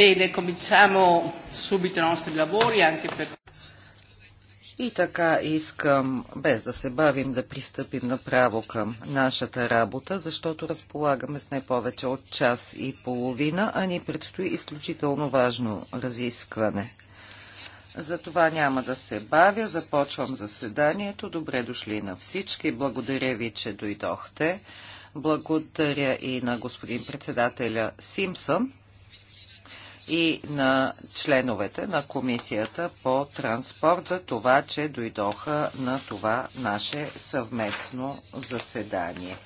Bene, cominciamo subito i nostri lavori anche per... И така искам, без да се бавим, да пристъпим направо към нашата работа, защото разполагаме с не повече от час и половина, а ни предстои изключително важно разискване. Затова няма да се бавя, започвам заседанието. Добре дошли на всички. Благодаря ви, че дойдохте. Благодаря и на господин председателя Симсън и на членовете на комисията по транспорт за това, че дойдоха на това наше съвместно заседание.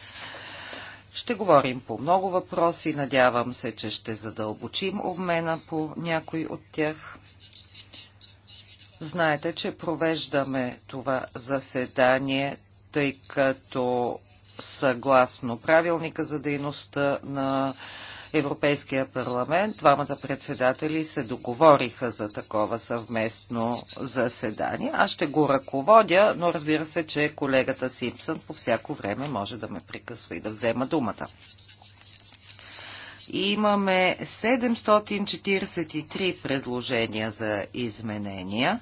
Ще говорим по много въпроси. Надявам се, че ще задълбочим обмена по някой от тях. Знаете, че провеждаме това заседание, тъй като съгласно правилника за дейността на Европейския парламент. Двамата председатели се договориха за такова съвместно заседание. Аз ще го ръководя, но разбира се, че колегата Симпсън по всяко време може да ме прекъсва и да взема думата. Имаме 743 предложения за изменения.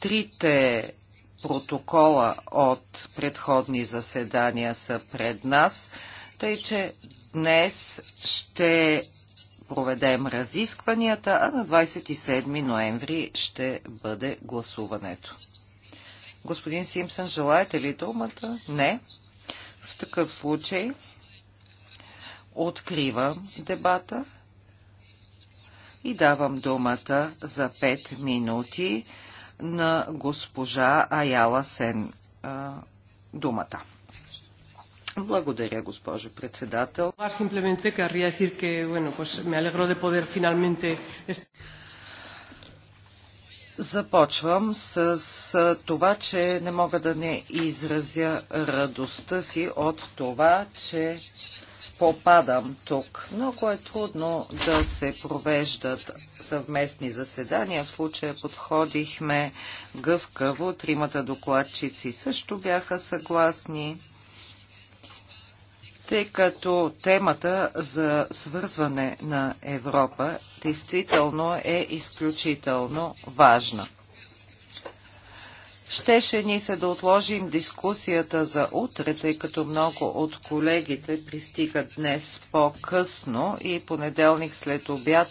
трите протокола от предходни заседания са пред нас, тъй че днес ще проведем разискванията, а на 27 ноември ще бъде гласуването. Господин Симпсън, желаете ли думата? Не. В такъв случай откривам дебата и давам думата за 5 минути на госпожа Аяла Сен а, думата. Благодаря, госпожо председател. Започвам с това, че не мога да не изразя радостта си от това, че попадам тук. Много е трудно да се провеждат съвместни заседания. В случая подходихме гъвкаво. Тримата докладчици също бяха съгласни тъй като темата за свързване на Европа действително е изключително важна. Щеше ни се да отложим дискусията за утре, тъй като много от колегите пристигат днес по-късно и понеделник след обяд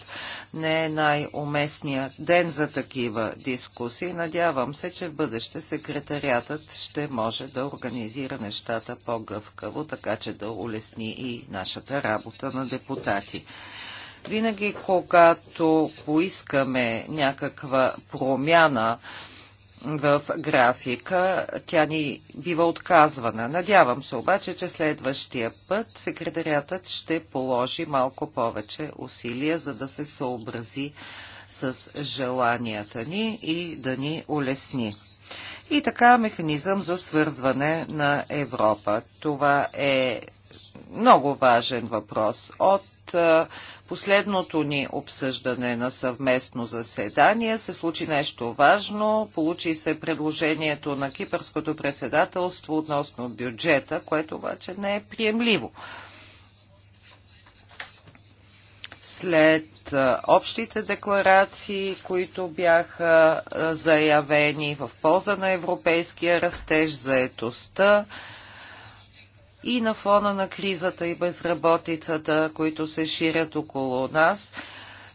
не е най-уместният ден за такива дискусии. Надявам се, че в бъдеще секретариатът ще може да организира нещата по-гъвкаво, така че да улесни и нашата работа на депутати винаги, когато поискаме някаква промяна в графика, тя ни бива отказвана. Надявам се обаче, че следващия път секретарятът ще положи малко повече усилия, за да се съобрази с желанията ни и да ни улесни. И така механизъм за свързване на Европа. Това е много важен въпрос. От последното ни обсъждане на съвместно заседание се случи нещо важно. Получи се предложението на Кипърското председателство относно бюджета, което обаче не е приемливо. След общите декларации, които бяха заявени в полза на европейския растеж, заетостта, и на фона на кризата и безработицата, които се ширят около нас,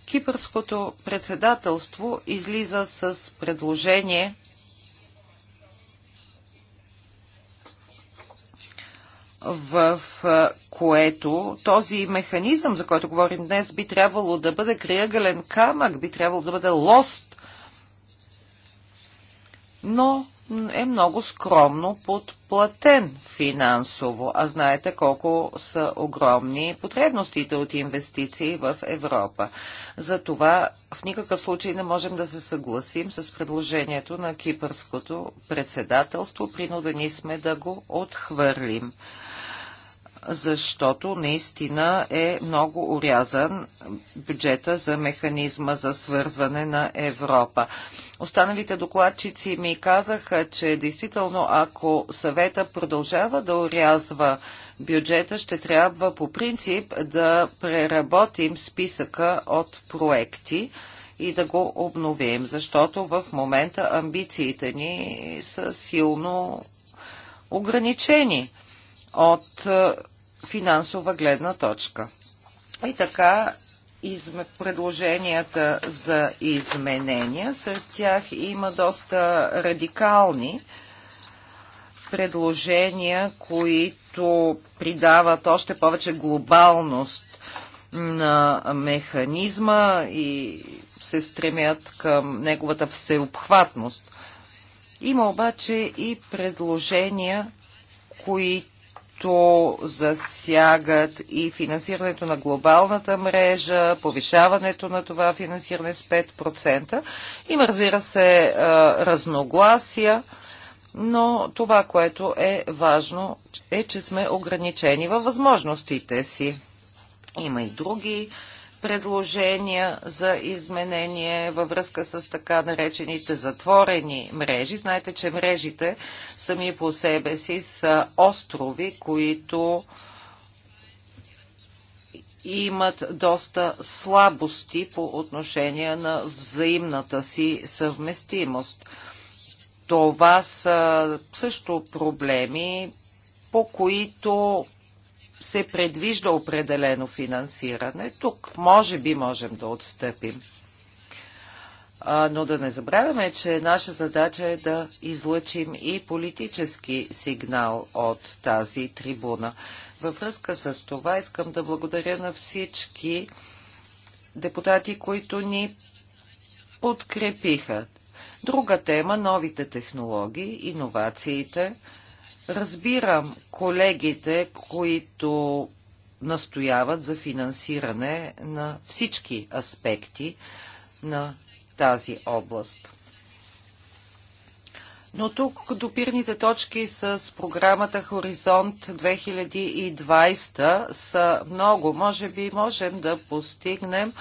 Кипърското председателство излиза с предложение в което този механизъм, за който говорим днес, би трябвало да бъде криъгълен камък, би трябвало да бъде лост, но е много скромно под платен финансово, а знаете колко са огромни потребностите от инвестиции в Европа. Затова в никакъв случай не можем да се съгласим с предложението на кипърското председателство. Принудени сме да го отхвърлим защото наистина е много урязан бюджета за механизма за свързване на Европа. Останалите докладчици ми казаха, че действително ако съвета продължава да урязва бюджета, ще трябва по принцип да преработим списъка от проекти и да го обновим, защото в момента амбициите ни са силно ограничени от е, финансова гледна точка. И така изме, предложенията за изменения. Сред тях има доста радикални предложения, които придават още повече глобалност на механизма и се стремят към неговата всеобхватност. Има обаче и предложения, които които засягат и финансирането на глобалната мрежа, повишаването на това финансиране с 5%. Има, разбира се, е, разногласия, но това, което е важно, е, че сме ограничени във възможностите си. Има и други предложения за изменение във връзка с така наречените затворени мрежи. Знаете, че мрежите сами по себе си са острови, които имат доста слабости по отношение на взаимната си съвместимост. Това са също проблеми, по които се предвижда определено финансиране. Тук може би можем да отстъпим. А, но да не забравяме, че наша задача е да излъчим и политически сигнал от тази трибуна. Във връзка с това искам да благодаря на всички депутати, които ни подкрепиха. Друга тема – новите технологии, иновациите – Разбирам колегите, които настояват за финансиране на всички аспекти на тази област. Но тук допирните точки с програмата Хоризонт 2020 са много. Може би можем да постигнем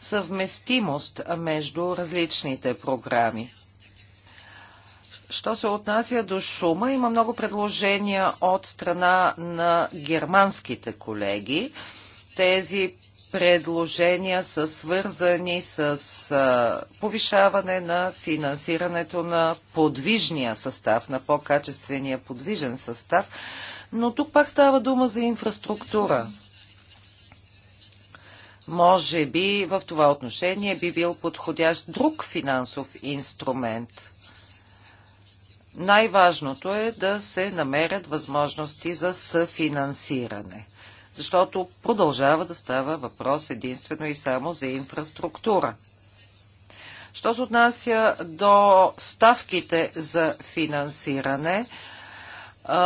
съвместимост между различните програми. Що се отнася до шума, има много предложения от страна на германските колеги. Тези предложения са свързани с повишаване на финансирането на подвижния състав, на по-качествения подвижен състав, но тук пак става дума за инфраструктура. Може би в това отношение би бил подходящ друг финансов инструмент – най-важното е да се намерят възможности за съфинансиране, защото продължава да става въпрос единствено и само за инфраструктура. Що се отнася до ставките за финансиране,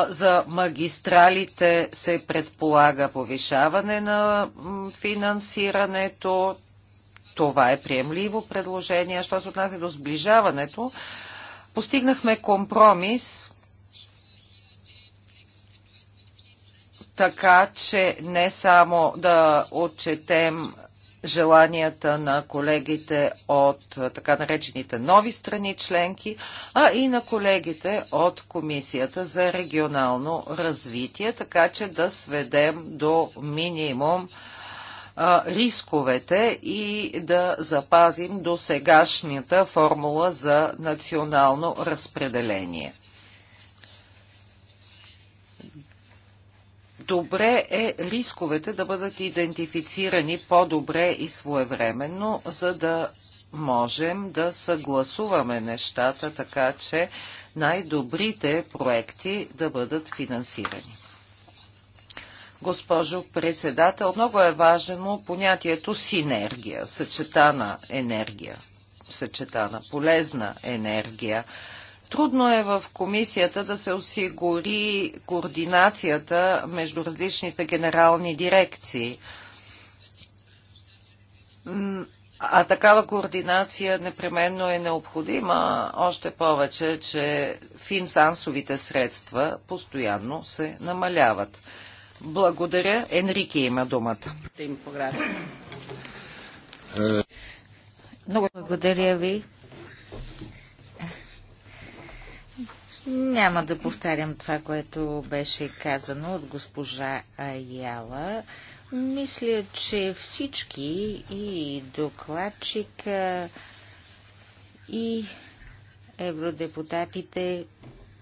за магистралите се предполага повишаване на финансирането. Това е приемливо предложение. Що се отнася до сближаването, Постигнахме компромис, така че не само да отчетем желанията на колегите от така наречените нови страни членки, а и на колегите от Комисията за регионално развитие, така че да сведем до минимум рисковете и да запазим до сегашната формула за национално разпределение. добре е рисковете да бъдат идентифицирани по-добре и своевременно, за да можем да съгласуваме нещата така, че най-добрите проекти да бъдат финансирани госпожо председател. Много е важно понятието синергия, съчетана енергия, съчетана полезна енергия. Трудно е в комисията да се осигури координацията между различните генерални дирекции. А такава координация непременно е необходима, още повече, че финансовите средства постоянно се намаляват. Благодаря. Енрики има думата. Много благодаря ви. Няма да повтарям това, което беше казано от госпожа Аяла. Мисля, че всички и докладчика, и евродепутатите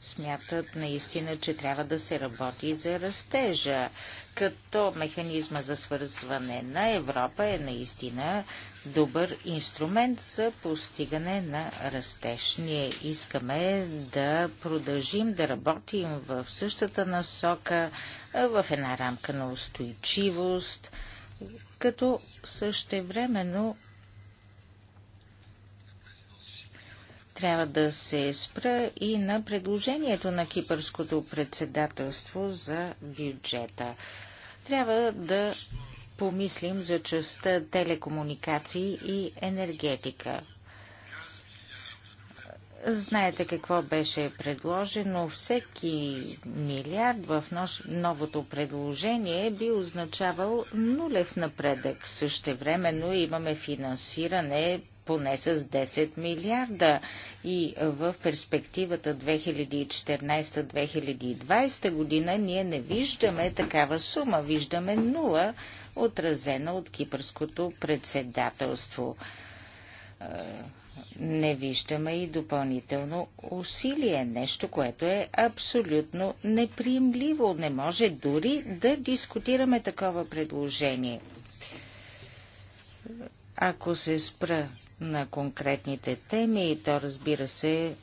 смятат наистина, че трябва да се работи за растежа, като механизма за свързване на Европа е наистина добър инструмент за постигане на растеж. Ние искаме да продължим да работим в същата насока, в една рамка на устойчивост, като същевременно Трябва да се спра и на предложението на кипърското председателство за бюджета. Трябва да помислим за частта телекомуникации и енергетика. Знаете какво беше предложено. Всеки милиард в новото предложение би означавал нулев напредък. Същевременно имаме финансиране поне с 10 милиарда и в перспективата 2014-2020 година ние не виждаме такава сума, виждаме нула, отразена от кипърското председателство. Е, не виждаме и допълнително усилие, нещо, което е абсолютно неприемливо. Не може дори да дискутираме такова предложение. Ако се спра на конкретните теми и то разбира се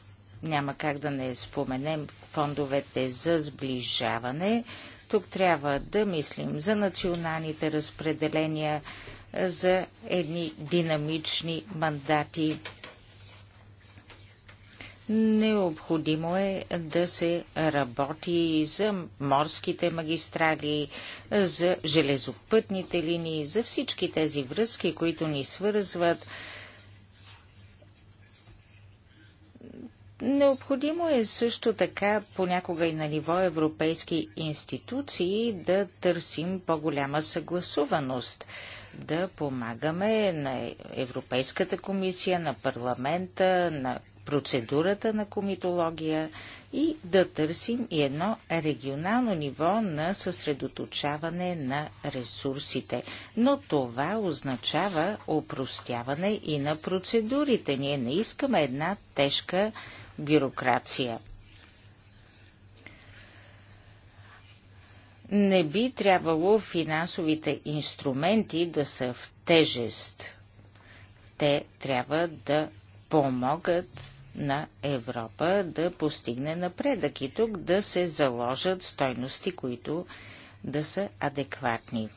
няма как да не споменем фондовете за сближаване. Тук трябва да мислим за националните разпределения, за едни динамични мандати. Необходимо е да се работи за морските магистрали, за железопътните линии, за всички тези връзки, които ни свързват Необходимо е също така понякога и на ниво европейски институции да търсим по-голяма съгласуваност, да помагаме на Европейската комисия, на парламента, на процедурата на комитология и да търсим и едно регионално ниво на съсредоточаване на ресурсите. Но това означава опростяване и на процедурите. Ние не искаме една тежка бюрокрация. Не би трябвало финансовите инструменти да са в тежест. Те трябва да помогат на Европа да постигне напредък и тук да се заложат стойности, които да са адекватни.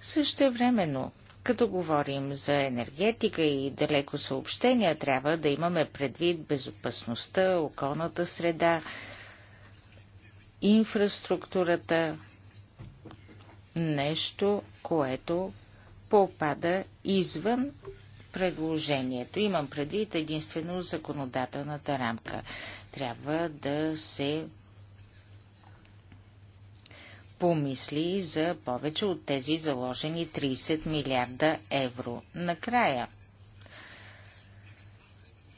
Също времено като говорим за енергетика и далеко съобщения, трябва да имаме предвид безопасността, околната среда, инфраструктурата, нещо, което попада извън предложението. Имам предвид единствено законодателната рамка. Трябва да се помисли за повече от тези заложени 30 милиарда евро. Накрая,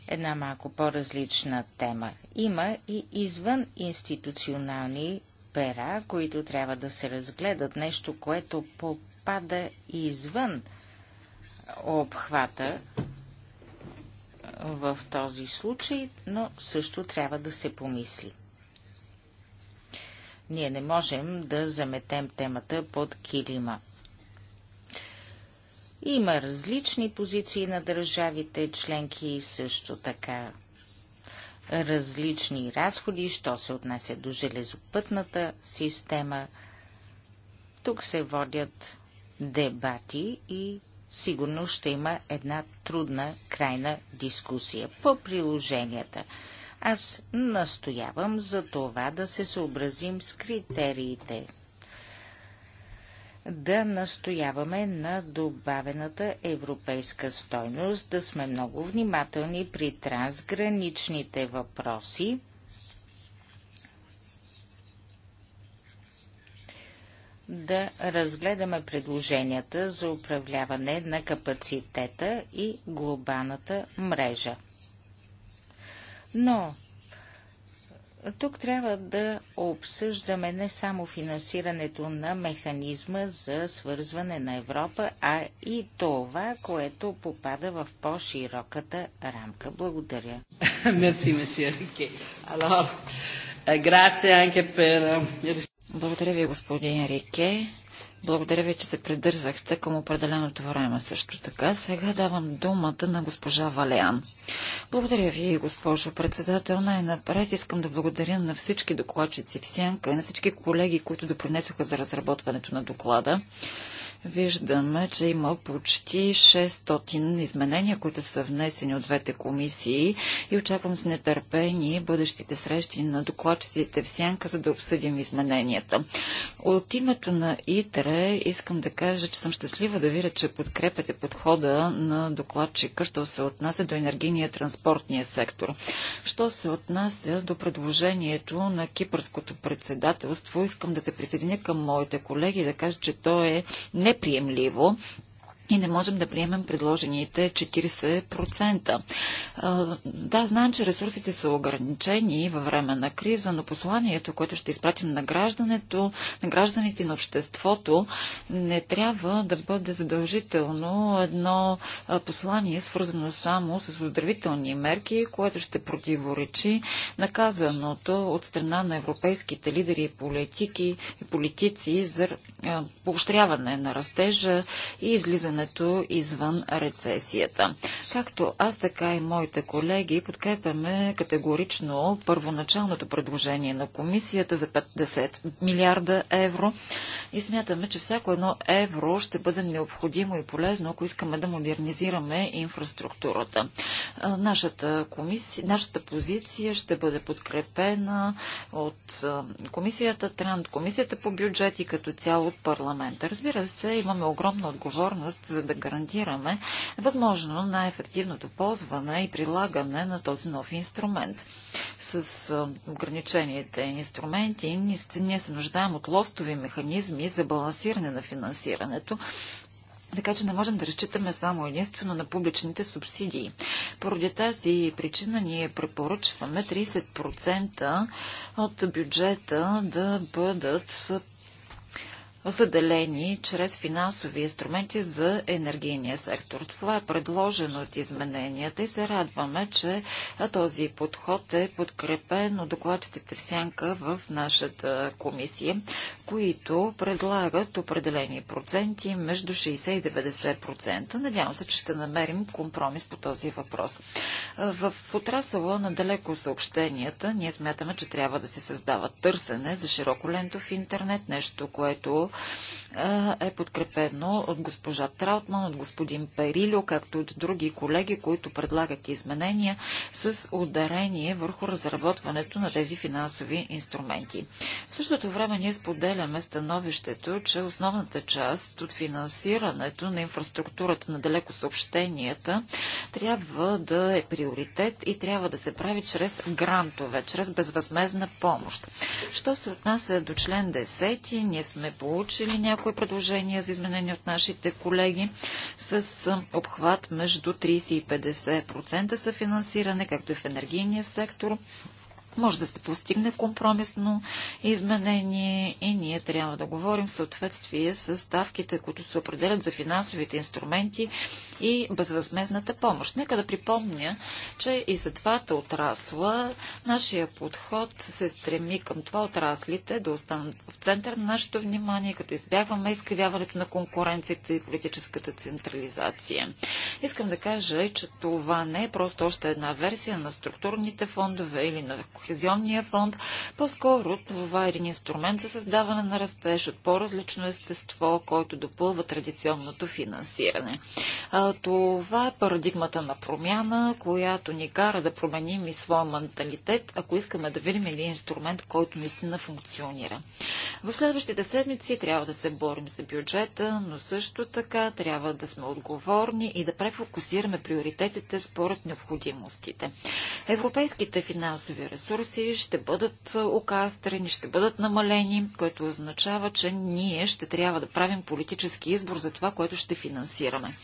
една малко по-различна тема. Има и извън институционални пера, които трябва да се разгледат. Нещо, което попада извън обхвата в този случай, но също трябва да се помисли. Ние не можем да заметем темата под килима. Има различни позиции на държавите членки и също така различни разходи, що се отнася до железопътната система. Тук се водят дебати и сигурно ще има една трудна крайна дискусия по приложенията. Аз настоявам за това да се съобразим с критериите. Да настояваме на добавената европейска стойност, да сме много внимателни при трансграничните въпроси. да разгледаме предложенията за управляване на капацитета и глобалната мрежа. Но тук трябва да обсъждаме не само финансирането на механизма за свързване на Европа, а и това, което попада в по-широката рамка. Благодаря. Мерси, месия Рике. Е, е, Благодаря ви, господин Рике. Благодаря ви, че се придържахте към определеното време също така. Сега давам думата на госпожа Валеан. Благодаря ви, госпожо председател. Най-напред искам да благодаря на всички докладчици в Сянка и на всички колеги, които допринесоха за разработването на доклада. Виждаме, че има почти 600 изменения, които са внесени от двете комисии и очаквам с нетърпение бъдещите срещи на докладчиците в Сянка, за да обсъдим измененията. От името на ИТРЕ искам да кажа, че съм щастлива да видя, че подкрепяте подхода на докладчика, що се отнася до енергийния транспортния сектор. Що се отнася до предложението на кипърското председателство, искам да се присъединя към моите колеги и да кажа, че то е не неприемливо и не можем да приемем предложените 40%. Да, знам, че ресурсите са ограничени във време на криза, но посланието, което ще изпратим на, граждането, на гражданите на обществото, не трябва да бъде задължително едно послание, свързано само с оздравителни мерки, което ще противоречи наказаното от страна на европейските лидери и политики и политици за поощряване на растежа и излизане излизането извън рецесията. Както аз, така и моите колеги подкрепяме категорично първоначалното предложение на комисията за 50 милиарда евро и смятаме, че всяко едно евро ще бъде необходимо и полезно, ако искаме да модернизираме инфраструктурата. Нашата, комисия, нашата позиция ще бъде подкрепена от комисията Транд, комисията по бюджет и като цяло от парламента. Разбира се, имаме огромна отговорност за да гарантираме възможно най-ефективното ползване и прилагане на този нов инструмент. С ограничените инструменти ние се нуждаем от лостови механизми, механизми за балансиране на финансирането, така че не можем да разчитаме само единствено на публичните субсидии. Поради тази причина ние препоръчваме 30% от бюджета да бъдат заделени чрез финансови инструменти за енергийния сектор. Това е предложено от измененията и се радваме, че този подход е подкрепен от докладчиците в сянка в нашата комисия, които предлагат определени проценти между 60 и 90%. процента. Надявам се, че ще намерим компромис по този въпрос. В отрасъла на далеко съобщенията ние смятаме, че трябва да се създава търсене за широколентов интернет, нещо, което е подкрепено от госпожа Траутман, от господин Перилю, както от други колеги, които предлагат изменения с ударение върху разработването на тези финансови инструменти. В същото време ние споделяме становището, че основната част от финансирането на инфраструктурата на далеко съобщенията трябва да е приоритет и трябва да се прави чрез грантове, чрез безвъзмезна помощ. Що се отнася до член 10, ние сме получили получили някои предложения за изменения от нашите колеги с обхват между 30 и 50% за финансиране, както и в енергийния сектор. Може да се постигне компромисно изменение и ние трябва да говорим в съответствие с ставките, които се определят за финансовите инструменти и безвъзмезната помощ. Нека да припомня, че и за двата отрасла нашия подход се стреми към това отраслите да останат в център на нашето внимание, като избягваме изкривяването на конкуренцията и политическата централизация. Искам да кажа, че това не е просто още една версия на структурните фондове или на Кохезионния фонд. По-скоро това е един инструмент за създаване на растеж от по-различно естество, който допълва традиционното финансиране това е парадигмата на промяна, която ни кара да променим и своя менталитет, ако искаме да видим един инструмент, който наистина функционира. В следващите седмици трябва да се борим за бюджета, но също така трябва да сме отговорни и да префокусираме приоритетите според необходимостите. Европейските финансови ресурси ще бъдат окастрени, ще бъдат намалени, което означава, че ние ще трябва да правим политически избор за това, което ще финансираме.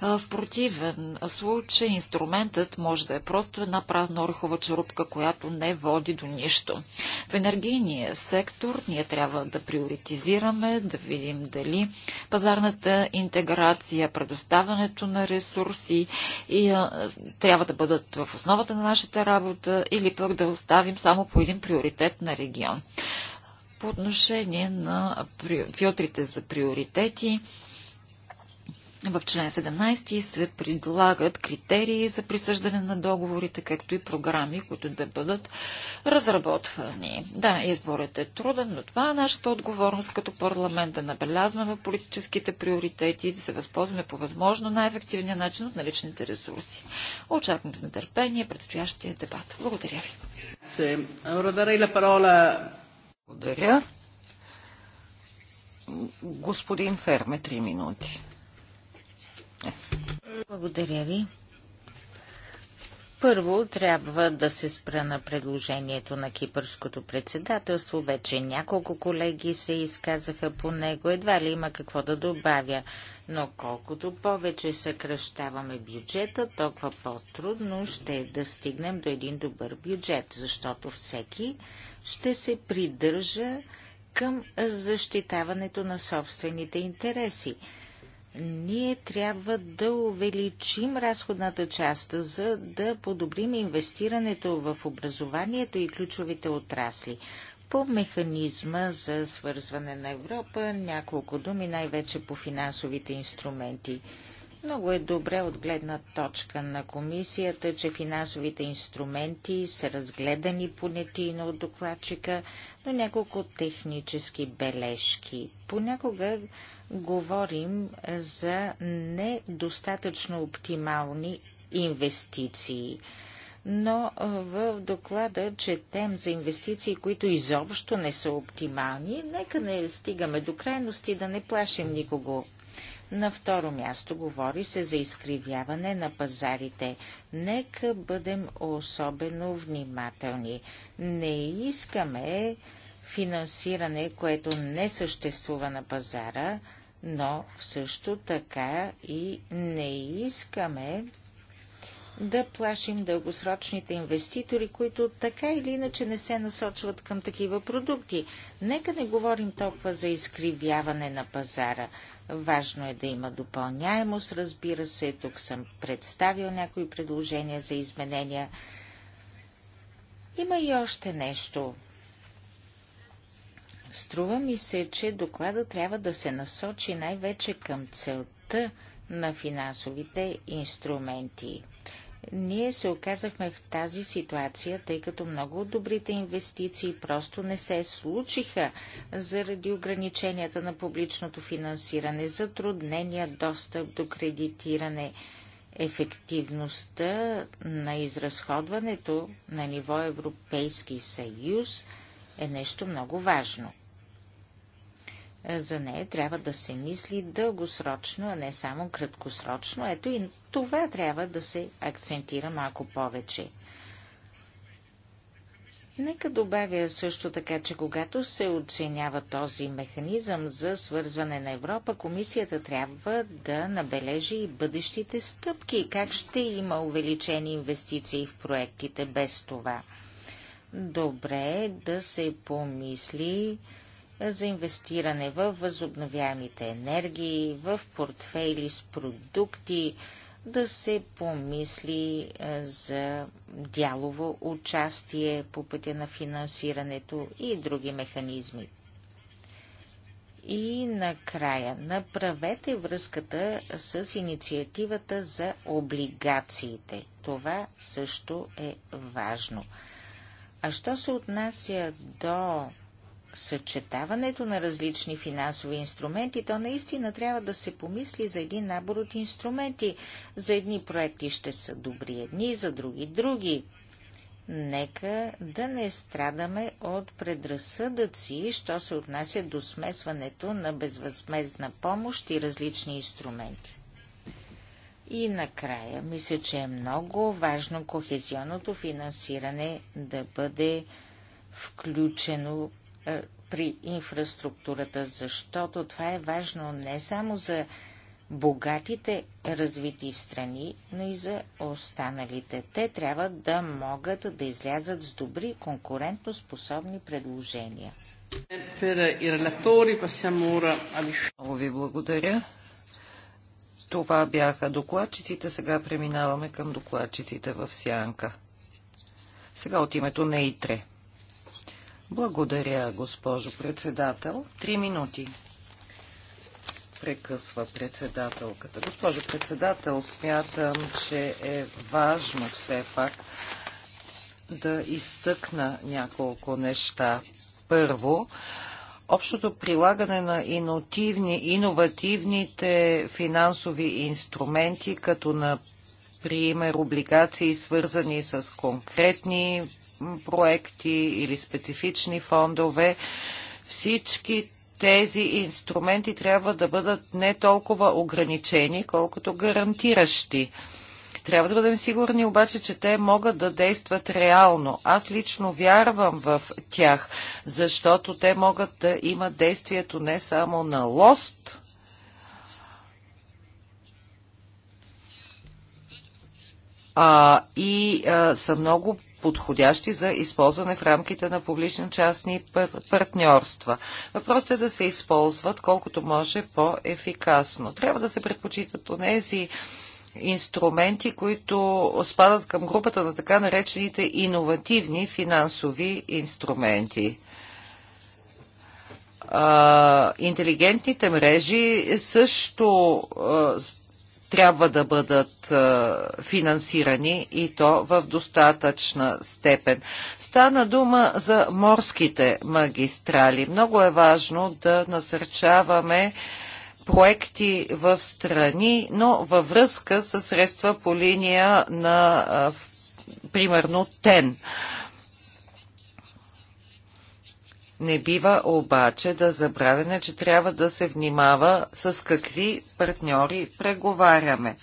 В противен случай инструментът може да е просто една празна орехова черупка, която не води до нищо. В енергийния сектор ние трябва да приоритизираме, да видим дали пазарната интеграция, предоставянето на ресурси и, а, трябва да бъдат в основата на нашата работа или пък да оставим само по един приоритет на регион. По отношение на филтрите за приоритети, в член 17 се предлагат критерии за присъждане на договорите, както и програми, които да бъдат разработвани. Да, изборът е труден, но това е нашата отговорност като парламент да набелязваме политическите приоритети и да се възползваме по възможно най-ефективния начин от наличните ресурси. Очаквам с нетърпение предстоящия дебат. Благодаря ви. Благодаря. Господин Ферме, три минути. Благодаря ви. Първо трябва да се спра на предложението на кипърското председателство. Вече няколко колеги се изказаха по него. Едва ли има какво да добавя. Но колкото повече съкръщаваме бюджета, толкова по-трудно ще е да стигнем до един добър бюджет, защото всеки ще се придържа към защитаването на собствените интереси ние трябва да увеличим разходната част, за да подобрим инвестирането в образованието и ключовите отрасли. По механизма за свързване на Европа, няколко думи най-вече по финансовите инструменти. Много е добре от гледна точка на комисията, че финансовите инструменти са разгледани понятийно от докладчика, но няколко технически бележки. Понякога говорим за недостатъчно оптимални инвестиции. Но в доклада четем за инвестиции, които изобщо не са оптимални. Нека не стигаме до крайности, да не плашим никого. На второ място говори се за изкривяване на пазарите. Нека бъдем особено внимателни. Не искаме финансиране, което не съществува на пазара, но също така и не искаме да плашим дългосрочните инвеститори, които така или иначе не се насочват към такива продукти. Нека не говорим толкова за изкривяване на пазара. Важно е да има допълняемост, разбира се. Тук съм представил някои предложения за изменения. Има и още нещо. Струва ми се, че доклада трябва да се насочи най-вече към целта на финансовите инструменти. Ние се оказахме в тази ситуация, тъй като много от добрите инвестиции просто не се случиха заради ограниченията на публичното финансиране, затруднения, достъп до кредитиране, ефективността на изразходването на ниво Европейски съюз е нещо много важно – за нея трябва да се мисли дългосрочно, а не само краткосрочно. Ето и това трябва да се акцентира малко повече. Нека добавя също така, че когато се оценява този механизъм за свързване на Европа, комисията трябва да набележи и бъдещите стъпки, как ще има увеличени инвестиции в проектите без това. Добре е да се помисли за инвестиране в възобновяемите енергии, в портфейли с продукти, да се помисли е, за дялово участие по пътя на финансирането и други механизми. И накрая направете връзката с инициативата за облигациите. Това също е важно. А що се отнася до съчетаването на различни финансови инструменти, то наистина трябва да се помисли за един набор от инструменти. За едни проекти ще са добри едни, за други други. Нека да не страдаме от предразсъдъци, що се отнася до смесването на безвъзмезна помощ и различни инструменти. И накрая, мисля, че е много важно кохезионното финансиране да бъде включено е, при инфраструктурата, защото това е важно не само за богатите развити страни, но и за останалите. Те трябва да могат да излязат с добри конкурентоспособни предложения. Много ви благодаря. Това бяха докладчиците. Сега преминаваме към докладчиците в Сянка. Сега от името на ИТРЕ. Благодаря, госпожо председател. Три минути. Прекъсва председателката. Госпожо председател, смятам, че е важно все пак да изтъкна няколко неща. Първо, общото прилагане на инотивни, иновативните финансови инструменти, като на пример, облигации, свързани с конкретни проекти или специфични фондове. Всички тези инструменти трябва да бъдат не толкова ограничени, колкото гарантиращи. Трябва да бъдем сигурни обаче, че те могат да действат реално. Аз лично вярвам в тях, защото те могат да имат действието не само на лост, а, и а, са много подходящи за използване в рамките на публично-частни партньорства. Въпросът е да се използват колкото може по-ефикасно. Трябва да се предпочитат тези инструменти, които спадат към групата на така наречените иновативни финансови инструменти. А, интелигентните мрежи също а, трябва да бъдат финансирани и то в достатъчна степен. Стана дума за морските магистрали. Много е важно да насърчаваме проекти в страни, но във връзка с средства по линия на примерно ТЕН. Не бива обаче да забравяме, че трябва да се внимава с какви партньори преговаряме.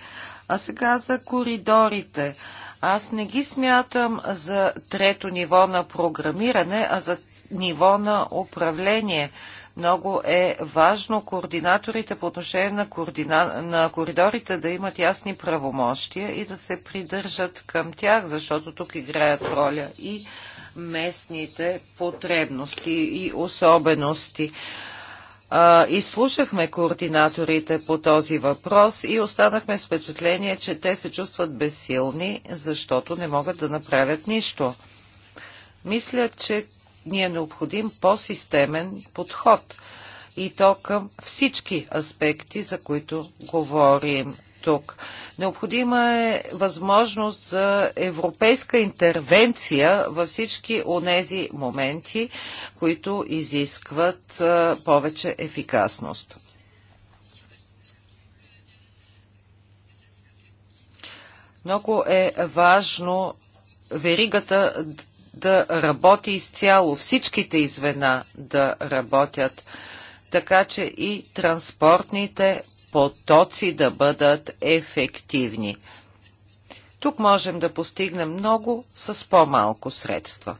А сега за коридорите. Аз не ги смятам за трето ниво на програмиране, а за ниво на управление. Много е важно координаторите по отношение на, координа... на коридорите да имат ясни правомощия и да се придържат към тях, защото тук играят роля и местните потребности и особености. Изслушахме координаторите по този въпрос и останахме с впечатление, че те се чувстват безсилни, защото не могат да направят нищо. Мисля, че ни е необходим по-системен подход и то към всички аспекти, за които говорим тук. Необходима е възможност за европейска интервенция във всички онези моменти, които изискват повече ефикасност. Много е важно веригата да работи изцяло, всичките извена да работят, така че и транспортните потоци да бъдат ефективни. Тук можем да постигнем много с по-малко средства.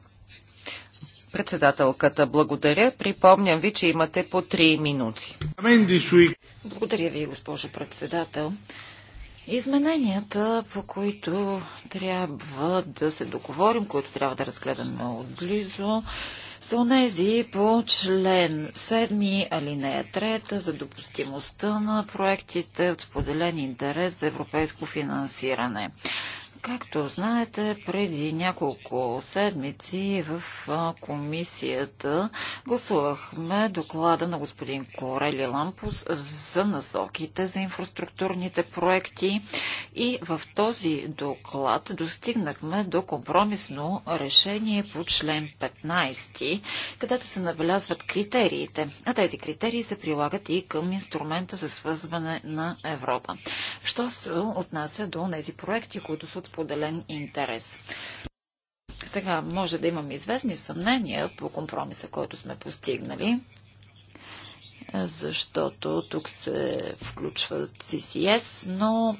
Председателката, благодаря. Припомням ви, че имате по 3 минути. Благодаря ви, госпожо председател. Измененията, по които трябва да се договорим, които трябва да разгледаме отблизо, са онези по член 7, алинея 3 за допустимостта на проектите от споделен интерес за европейско финансиране. Както знаете, преди няколко седмици в комисията гласувахме доклада на господин Корели Лампус за насоките за инфраструктурните проекти и в този доклад достигнахме до компромисно решение по член 15, където се набелязват критериите, а тези критерии се прилагат и към инструмента за свързване на Европа. Що се отнася до тези проекти, които са от споделен интерес. Сега може да имам известни съмнения по компромиса, който сме постигнали, защото тук се включват CCS, но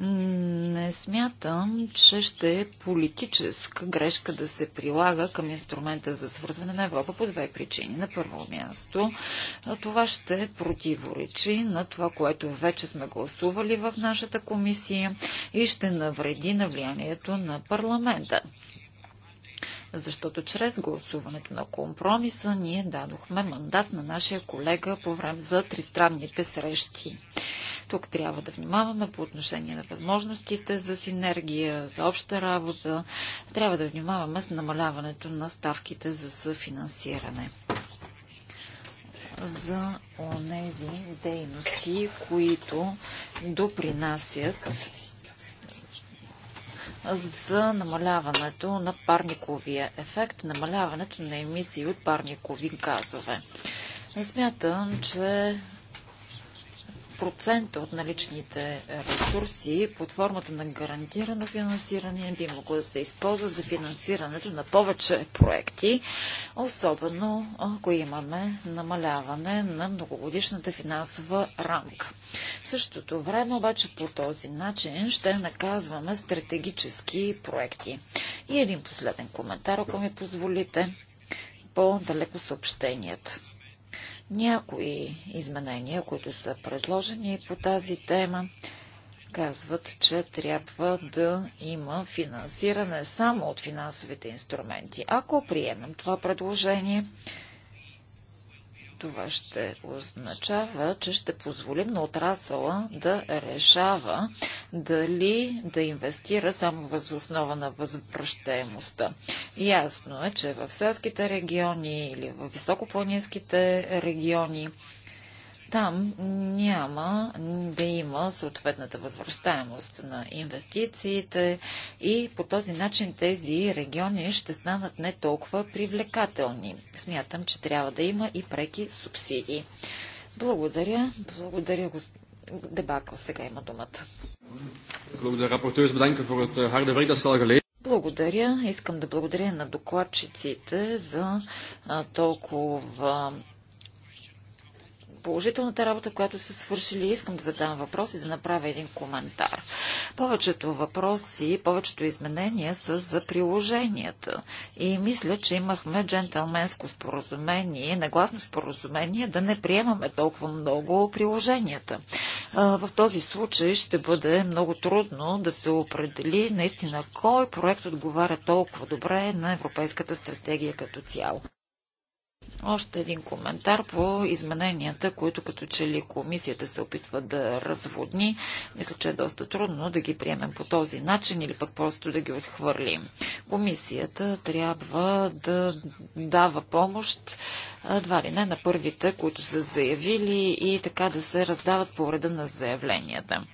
не смятам, че ще е политическа грешка да се прилага към инструмента за свързване на Европа по две причини. На първо място, това ще противоречи на това, което вече сме гласували в нашата комисия и ще навреди на влиянието на парламента защото чрез гласуването на компромиса ние дадохме мандат на нашия колега по време за тристранните срещи. Тук трябва да внимаваме по отношение на възможностите за синергия, за обща работа. Трябва да внимаваме с намаляването на ставките за съфинансиране за онези дейности, които допринасят за намаляването на парниковия ефект, намаляването на емисии от парникови газове. Смятам, че 10% от наличните ресурси под формата на гарантирано финансиране би могло да се използва за финансирането на повече проекти, особено ако имаме намаляване на многогодишната финансова рамка. В същото време обаче по този начин ще наказваме стратегически проекти. И един последен коментар, ако ми позволите, по далеко съобщеният. Някои изменения, които са предложени по тази тема, казват, че трябва да има финансиране само от финансовите инструменти. Ако приемем това предложение, това ще означава, че ще позволим на отрасъла да решава дали да инвестира само възоснова на възвръщаемостта. Ясно е, че в селските региони или в високопланинските региони там няма да има съответната възвръщаемост на инвестициите и по този начин тези региони ще станат не толкова привлекателни. Смятам, че трябва да има и преки субсидии. Благодаря. Благодаря, господин дебакъл сега има думата. Е, благодаря. Искам да благодаря на докладчиците за толкова положителната работа, която са свършили. Искам да задам въпрос и да направя един коментар. Повечето въпроси, повечето изменения са за приложенията. И мисля, че имахме джентълменско споразумение, нагласно споразумение да не приемаме толкова много приложенията. В този случай ще бъде много трудно да се определи наистина кой проект отговаря толкова добре на Европейската стратегия като цяло. Още един коментар по измененията, които като че ли комисията се опитва да разводни. Мисля, че е доста трудно да ги приемем по този начин или пък просто да ги отхвърлим. Комисията трябва да дава помощ Два ли не на първите, които са заявили и така да се раздават по реда на заявленията.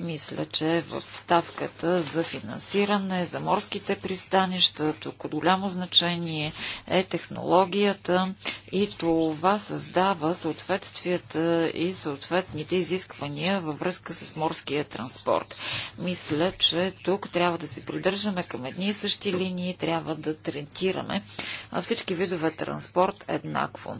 Мисля, че в ставката за финансиране, за морските пристанища, тук голямо значение е технологията и това създава съответствията и съответните изисквания във връзка с морския транспорт. Мисля, че тук трябва да се придържаме към едни и същи линии, трябва да третираме всички видове транспорт еднакво еднакво.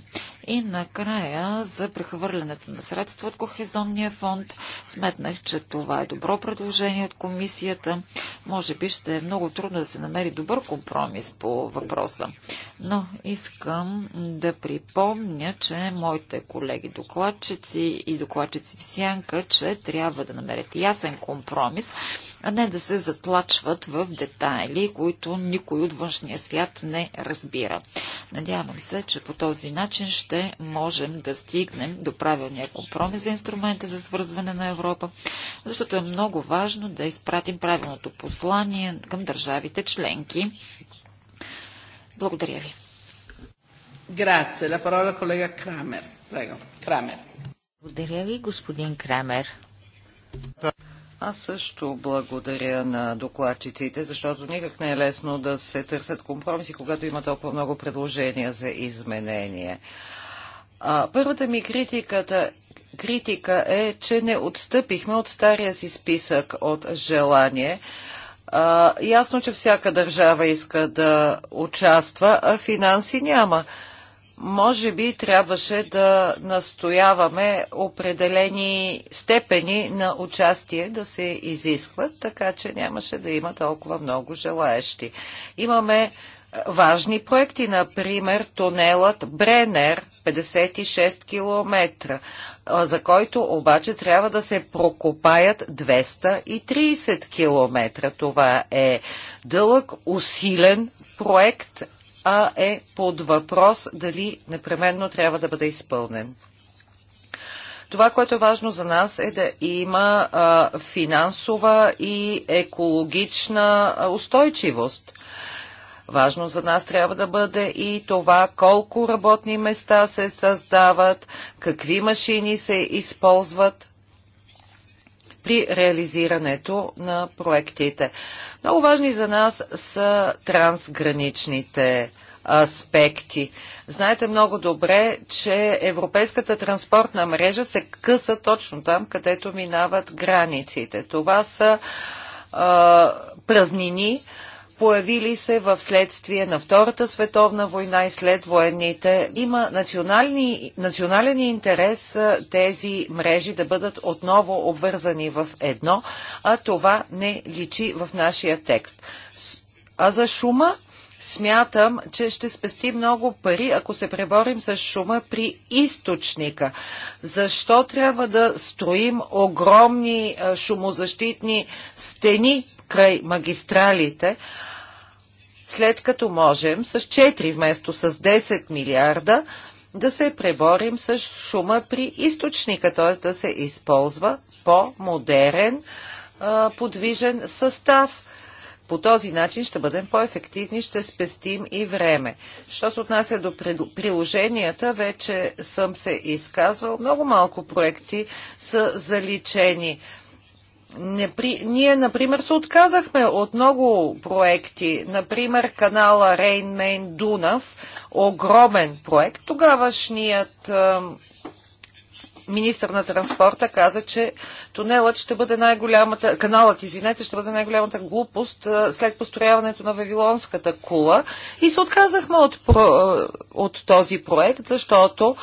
И накрая за прехвърлянето на средства от Кохезонния фонд сметнах, че това е добро предложение от комисията. Може би ще е много трудно да се намери добър компромис по въпроса. Но искам да припомня, че моите колеги докладчици и докладчици в сянка, че трябва да намерят ясен компромис, а не да се затлачват в детайли, които никой от външния свят не разбира. Надявам се, че по този този начин ще можем да стигнем до правилния компромис за инструмента за свързване на Европа, защото е много важно да изпратим правилното послание към държавите членки. Благодаря ви. Грация. La parola колега Крамер. Крамер. Благодаря ви, господин Крамер. Аз също благодаря на докладчиците, защото никак не е лесно да се търсят компромиси, когато има толкова много предложения за изменение. А, първата ми критиката, критика е, че не отстъпихме от стария си списък от желание. А, ясно, че всяка държава иска да участва, а финанси няма може би трябваше да настояваме определени степени на участие да се изискват, така че нямаше да има толкова много желаещи. Имаме е, важни проекти, например тунелът Бренер, 56 км, за който обаче трябва да се прокопаят 230 км. Това е дълъг, усилен проект а е под въпрос дали непременно трябва да бъде изпълнен. Това, което е важно за нас е да има а, финансова и екологична устойчивост. Важно за нас трябва да бъде и това колко работни места се създават, какви машини се използват, при реализирането на проектите. Много важни за нас са трансграничните аспекти. Знаете много добре, че европейската транспортна мрежа се къса точно там, където минават границите. Това са а, празнини, появили се в следствие на Втората световна война и след военните. Има национален интерес тези мрежи да бъдат отново обвързани в едно, а това не личи в нашия текст. А за шума смятам, че ще спести много пари, ако се преборим с шума при източника. Защо трябва да строим огромни шумозащитни стени край магистралите, след като можем с 4 вместо с 10 милиарда да се преборим с шума при източника, т.е. да се използва по-модерен подвижен състав. По този начин ще бъдем по-ефективни, ще спестим и време. Що се отнася до приложенията, вече съм се изказвал. Много малко проекти са заличени. Ние, например, се отказахме от много проекти. Например, канала Мейн Дунав, огромен проект. Тогавашният а, министр на транспорта каза, че тунелът ще бъде най-голямата, каналът, извинете, ще бъде най-голямата глупост след построяването на Вавилонската кула. И се отказахме от, про... от този проект, защото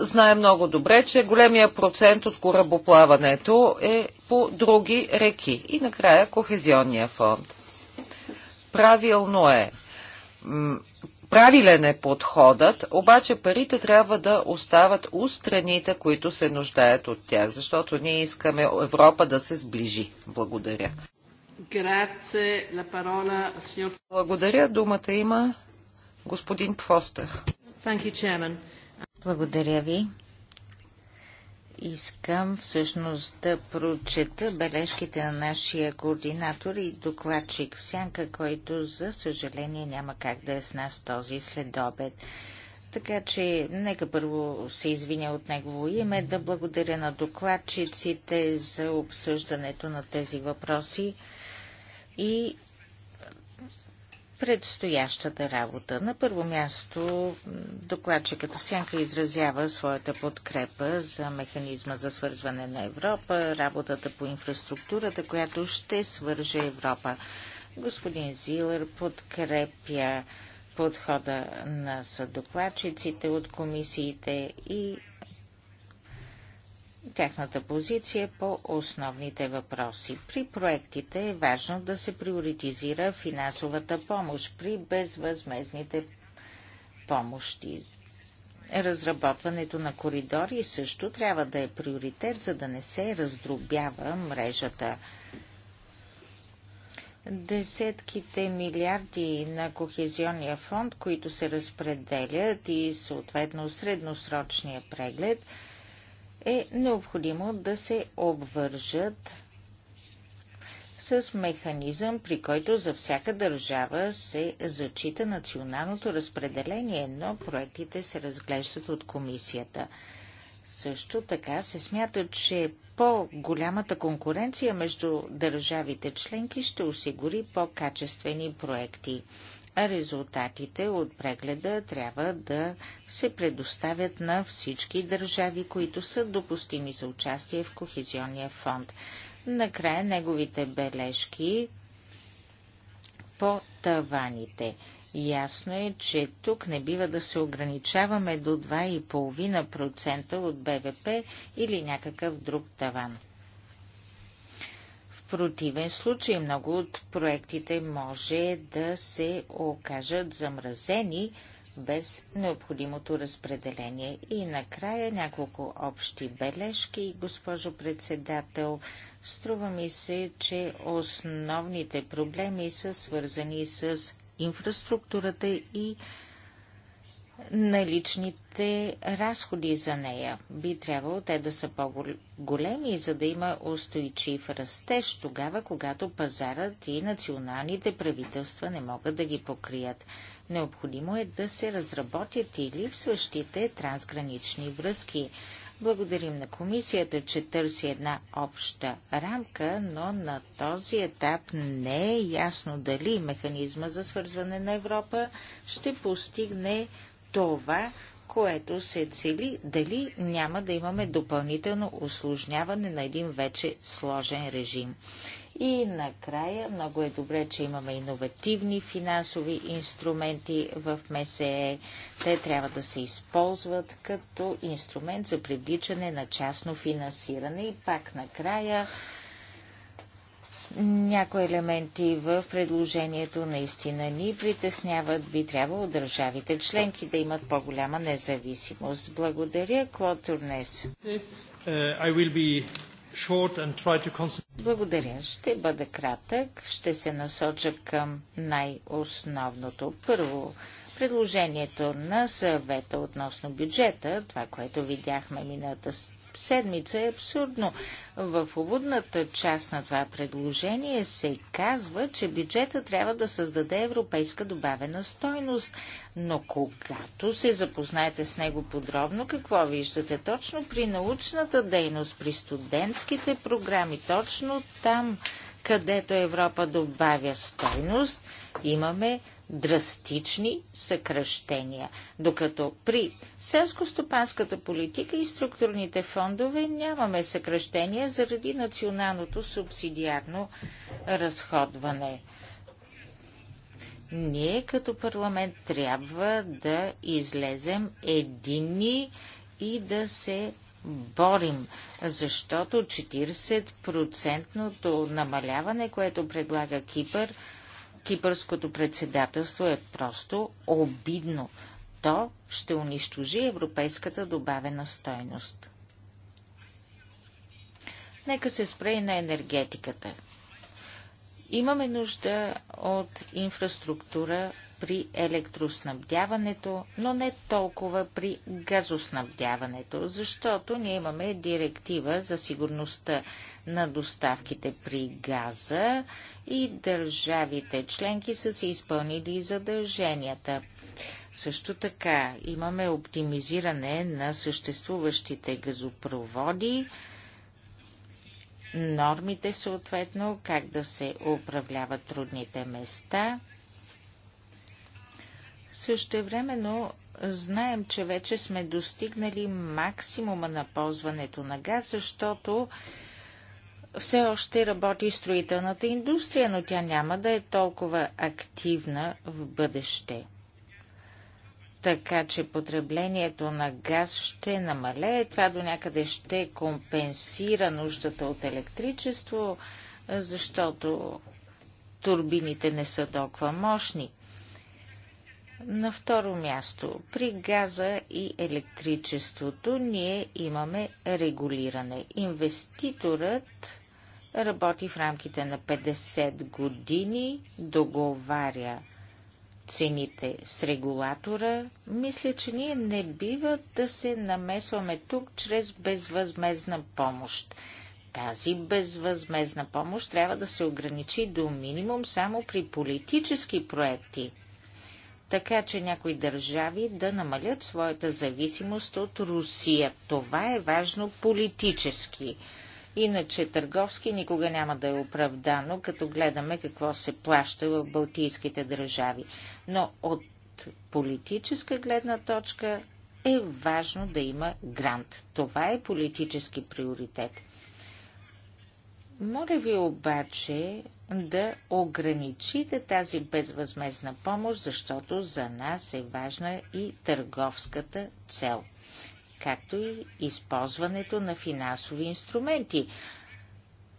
знае много добре, че големия процент от корабоплаването е по други реки. И накрая Кохезионния фонд. Правилно е. Правилен е подходът, обаче парите трябва да остават у страните, които се нуждаят от тях, защото ние искаме Европа да се сближи. Благодаря. Благодаря. Думата има господин Пфостер. Благодаря ви. Искам всъщност да прочета бележките на нашия координатор и докладчик в сянка, който за съжаление няма как да е с нас този следобед. Така че нека първо се извиня от негово име, да благодаря на докладчиците за обсъждането на тези въпроси и предстоящата работа. На първо място докладчикът Сянка изразява своята подкрепа за механизма за свързване на Европа, работата по инфраструктурата, която ще свърже Европа. Господин Зилер подкрепя подхода на съдокладчиците от комисиите и тяхната позиция по основните въпроси. При проектите е важно да се приоритизира финансовата помощ при безвъзмезните помощи. Разработването на коридори също трябва да е приоритет, за да не се раздробява мрежата. Десетките милиарди на Кохезионния фонд, които се разпределят и съответно средносрочния преглед – е необходимо да се обвържат с механизъм, при който за всяка държава се зачита националното разпределение, но проектите се разглеждат от комисията. Също така се смята, че по-голямата конкуренция между държавите членки ще осигури по-качествени проекти. Резултатите от прегледа трябва да се предоставят на всички държави, които са допустими за участие в Кохезионния фонд. Накрая неговите бележки по таваните. Ясно е, че тук не бива да се ограничаваме до 2,5% от БВП или някакъв друг таван противен случай много от проектите може да се окажат замразени без необходимото разпределение. И накрая няколко общи бележки, госпожо председател. Струва ми се, че основните проблеми са свързани с инфраструктурата и наличните разходи за нея. Би трябвало те да са по-големи, за да има устойчив растеж тогава, когато пазарът и националните правителства не могат да ги покрият. Необходимо е да се разработят и липсващите трансгранични връзки. Благодарим на комисията, че търси една обща рамка, но на този етап не е ясно дали механизма за свързване на Европа ще постигне това, което се цели, дали няма да имаме допълнително осложняване на един вече сложен режим. И накрая, много е добре, че имаме иновативни финансови инструменти в МСЕ. Те трябва да се използват като инструмент за привличане на частно финансиране. И пак накрая, някои елементи в предложението наистина ни притесняват. Би трябвало държавите членки да имат по-голяма независимост. Благодаря, Клод Турнес. Uh, Благодаря. Ще бъда кратък. Ще се насоча към най-основното. Първо, предложението на съвета относно бюджета, това, което видяхме миналата седмица е абсурдно. В уводната част на това предложение се казва, че бюджета трябва да създаде европейска добавена стойност, но когато се запознаете с него подробно, какво виждате? Точно при научната дейност, при студентските програми, точно там, където Европа добавя стойност – имаме драстични съкръщения, докато при селско-стопанската политика и структурните фондове нямаме съкръщения заради националното субсидиарно разходване. Ние като парламент трябва да излезем едини и да се борим, защото 40 намаляване, което предлага Кипър, кипърското председателство е просто обидно. То ще унищожи европейската добавена стойност. Нека се спре и на енергетиката. Имаме нужда от инфраструктура при електроснабдяването, но не толкова при газоснабдяването, защото ние имаме директива за сигурността на доставките при газа и държавите членки са се изпълнили задълженията. Също така имаме оптимизиране на съществуващите газопроводи, нормите съответно, как да се управляват трудните места – Същевременно знаем, че вече сме достигнали максимума на ползването на газ, защото все още работи строителната индустрия, но тя няма да е толкова активна в бъдеще. Така че потреблението на газ ще намалее, това до някъде ще компенсира нуждата от електричество, защото турбините не са толкова мощни. На второ място, при газа и електричеството ние имаме регулиране. Инвеститорът работи в рамките на 50 години, договаря цените с регулатора. Мисля, че ние не бива да се намесваме тук чрез безвъзмезна помощ. Тази безвъзмезна помощ трябва да се ограничи до минимум само при политически проекти – така че някои държави да намалят своята зависимост от Русия. Това е важно политически. Иначе търговски никога няма да е оправдано, като гледаме какво се плаща в балтийските държави. Но от политическа гледна точка е важно да има грант. Това е политически приоритет. Моля ви обаче да ограничите тази безвъзмезна помощ, защото за нас е важна и търговската цел, както и използването на финансови инструменти.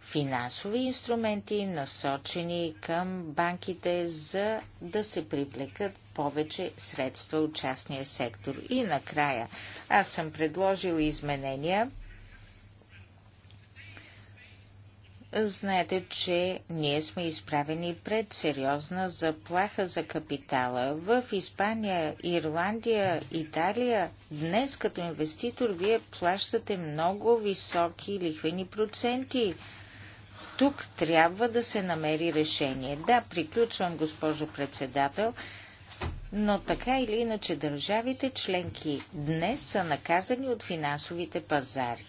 Финансови инструменти, насочени към банките, за да се привлекат повече средства от частния сектор. И накрая, аз съм предложил изменения Знаете, че ние сме изправени пред сериозна заплаха за капитала. В Испания, Ирландия, Италия днес като инвеститор вие плащате много високи лихвени проценти. Тук трябва да се намери решение. Да, приключвам, госпожо председател, но така или иначе държавите членки днес са наказани от финансовите пазари.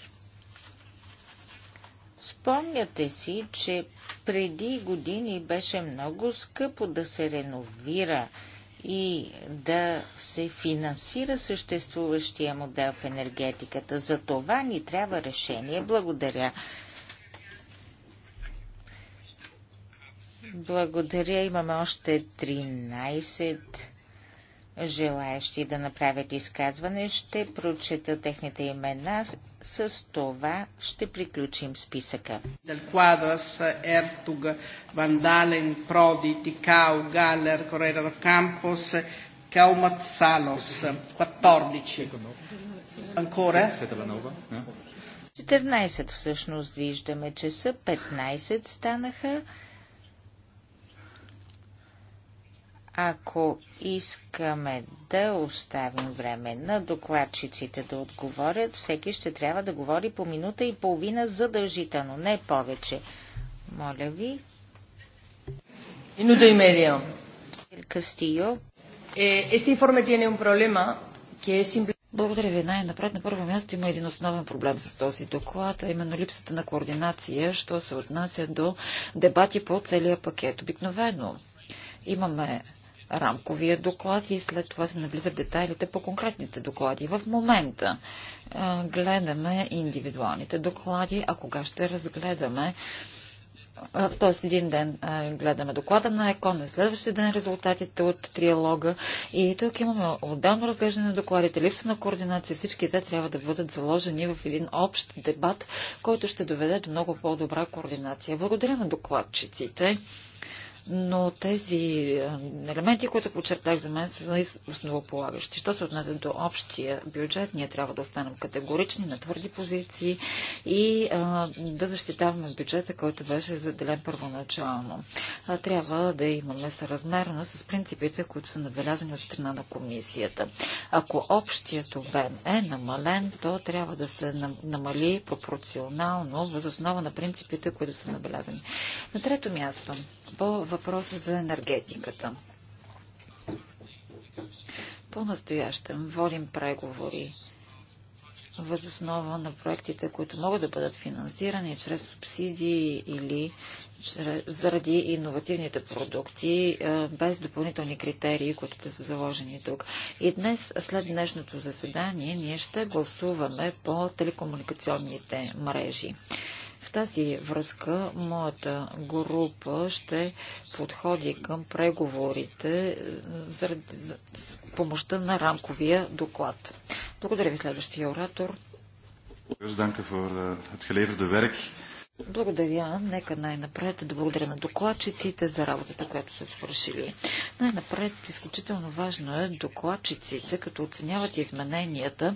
Спомняте си, че преди години беше много скъпо да се реновира и да се финансира съществуващия модел в енергетиката. За това ни трябва решение. Благодаря. Благодаря. Имаме още 13 желаящи да направят изказване. Ще прочета техните имена. С това ще приключим списъка. Дел Квадрас, Ертуг, Вандален, Проди, Тикао, Галер, Кампос, Каумацалос. 14. Анкора? 14 всъщност виждаме, че са 15 станаха. Ако искаме да оставим време на докладчиците да отговорят, всеки ще трябва да говори по минута и половина задължително, не повече. Моля ви. Минута и медиа. Кастио. Е, este informe tiene un problema, que es simple... Благодаря ви. Най-напред на първо място има един основен проблем с този доклад, а именно липсата на координация, що се отнася до дебати по целия пакет. Обикновено имаме рамковия доклад и след това се навлиза в детайлите по конкретните доклади. В момента гледаме индивидуалните доклади, а кога ще разгледаме т.е. един ден гледаме доклада на ЕКОН, на следващия ден резултатите от триалога и тук имаме отделно разглеждане на докладите, липса на координация, всички те трябва да бъдат заложени в един общ дебат, който ще доведе до много по-добра координация. Благодаря на докладчиците но тези е, елементи, които подчертах за мен, са основополагащи. Що се отнася до общия бюджет, ние трябва да останем категорични на твърди позиции и а, е, да защитаваме бюджета, който беше заделен първоначално. А, е, трябва да имаме съразмерно с принципите, които са набелязани от страна на комисията. Ако общият обем е намален, то трябва да се намали пропорционално възоснова на принципите, които са набелязани. На трето място, по въпроса за енергетиката. По-настоящем водим преговори възоснова на проектите, които могат да бъдат финансирани чрез субсидии или чрез, заради иновативните продукти, е, без допълнителни критерии, които да са заложени тук. И днес, след днешното заседание, ние ще гласуваме по телекомуникационните мрежи. В тази връзка моята група ще подходи към преговорите е, заради с помощта на рамковия доклад. Благодаря ви следващия оратор. Е, благодаря. Нека най-напред да благодаря на докладчиците за работата, която са свършили. Най-напред изключително важно е докладчиците, като оценяват измененията,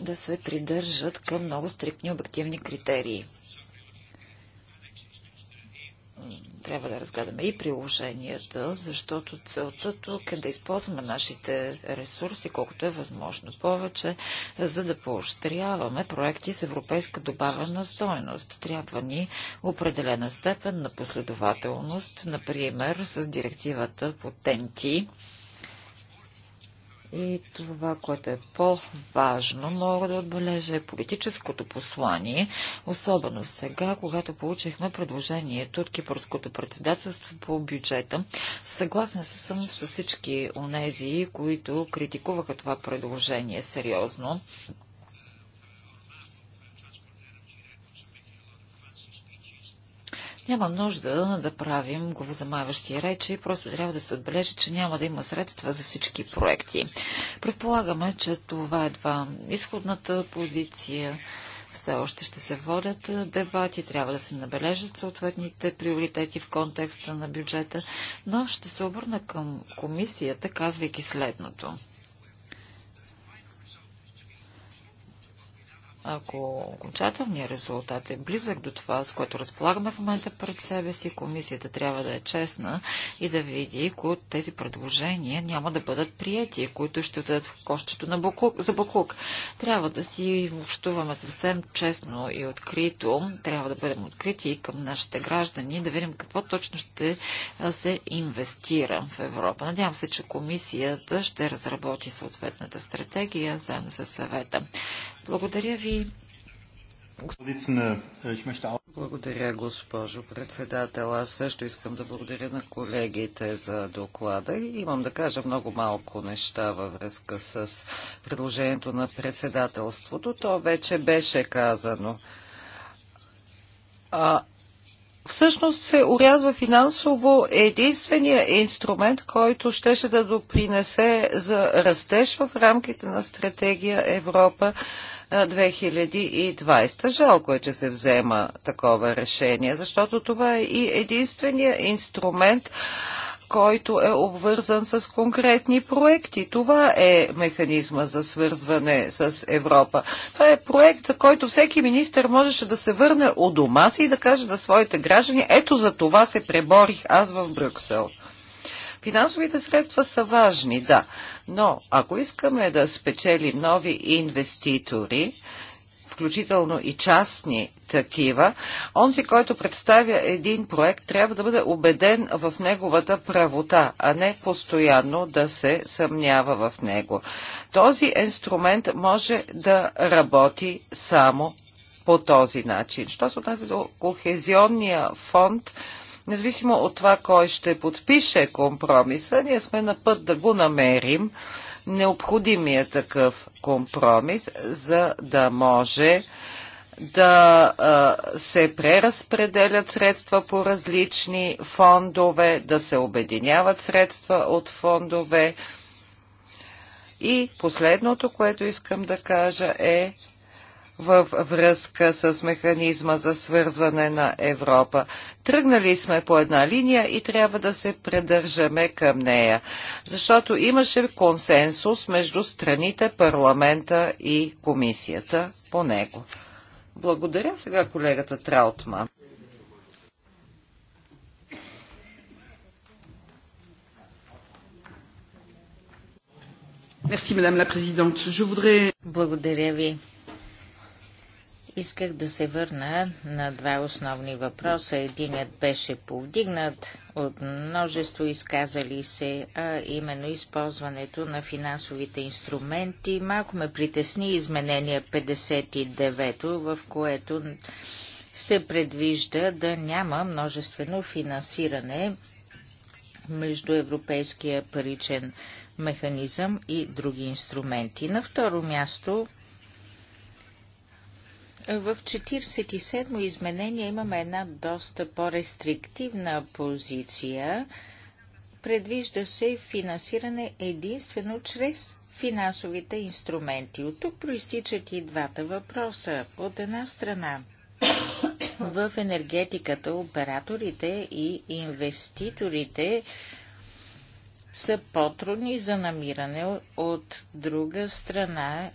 да се придържат към много стриктни обективни критерии. Трябва да разгледаме и приложенията, защото целта тук е да използваме нашите ресурси колкото е възможно повече, за да поощряваме проекти с европейска добавена стойност. Трябва ни определена степен на последователност, например с директивата по ТЕНТИ, и това, което е по-важно, мога да отбележа е политическото послание, особено сега, когато получихме предложението от Кипърското председателство по бюджета. Съгласна съм с всички онези, които критикуваха това предложение сериозно. Няма нужда да правим главозамаващи речи, просто трябва да се отбележи, че няма да има средства за всички проекти. Предполагаме, че това е едва изходната позиция. Все още ще се водят дебати, трябва да се набележат съответните приоритети в контекста на бюджета, но ще се обърна към комисията, казвайки следното. Ако окончателният резултат е близък до това, с което разполагаме в момента пред себе си, комисията трябва да е честна и да види, кои тези предложения няма да бъдат прияти, които ще отидат в кощето на Бокук, за Бокук. Трябва да си общуваме съвсем честно и открито. Трябва да бъдем открити и към нашите граждани, да видим какво точно ще се инвестира в Европа. Надявам се, че комисията ще разработи съответната стратегия заедно с съвета. Благодаря ви. Благодаря, госпожо председател. Аз също искам да благодаря на колегите за доклада. Имам да кажа много малко неща във връзка с предложението на председателството. То вече беше казано. А, всъщност се урязва финансово единствения инструмент, който щеше да допринесе за растеж в рамките на стратегия Европа 2020. Жалко е, че се взема такова решение, защото това е и единствения инструмент, който е обвързан с конкретни проекти. Това е механизма за свързване с Европа. Това е проект, за който всеки министр можеше да се върне от дома си и да каже на своите граждани, ето за това се преборих аз в Брюксел. Финансовите средства са важни, да, но ако искаме да спечелим нови инвеститори, включително и частни такива, онзи, който представя един проект, трябва да бъде убеден в неговата правота, а не постоянно да се съмнява в него. Този инструмент може да работи само по този начин. Що се отнася до кохезионния фонд, независимо от това кой ще подпише компромиса, ние сме на път да го намерим необходимия такъв компромис, за да може да а, се преразпределят средства по различни фондове, да се обединяват средства от фондове. И последното, което искам да кажа е, в връзка с механизма за свързване на Европа. Тръгнали сме по една линия и трябва да се предържаме към нея, защото имаше консенсус между страните, парламента и комисията по него. Благодаря сега колегата Траутман. Благодаря ви, Исках да се върна на два основни въпроса. Единият беше повдигнат от множество изказали се, а именно използването на финансовите инструменти. Малко ме притесни изменение 59-то, в което се предвижда да няма множествено финансиране между Европейския паричен механизъм и други инструменти. На второ място в 47-о изменение имаме една доста по-рестриктивна позиция. Предвижда се финансиране единствено чрез финансовите инструменти. От тук проистичат и двата въпроса. От една страна, в енергетиката операторите и инвеститорите са по-трудни за намиране. От друга страна,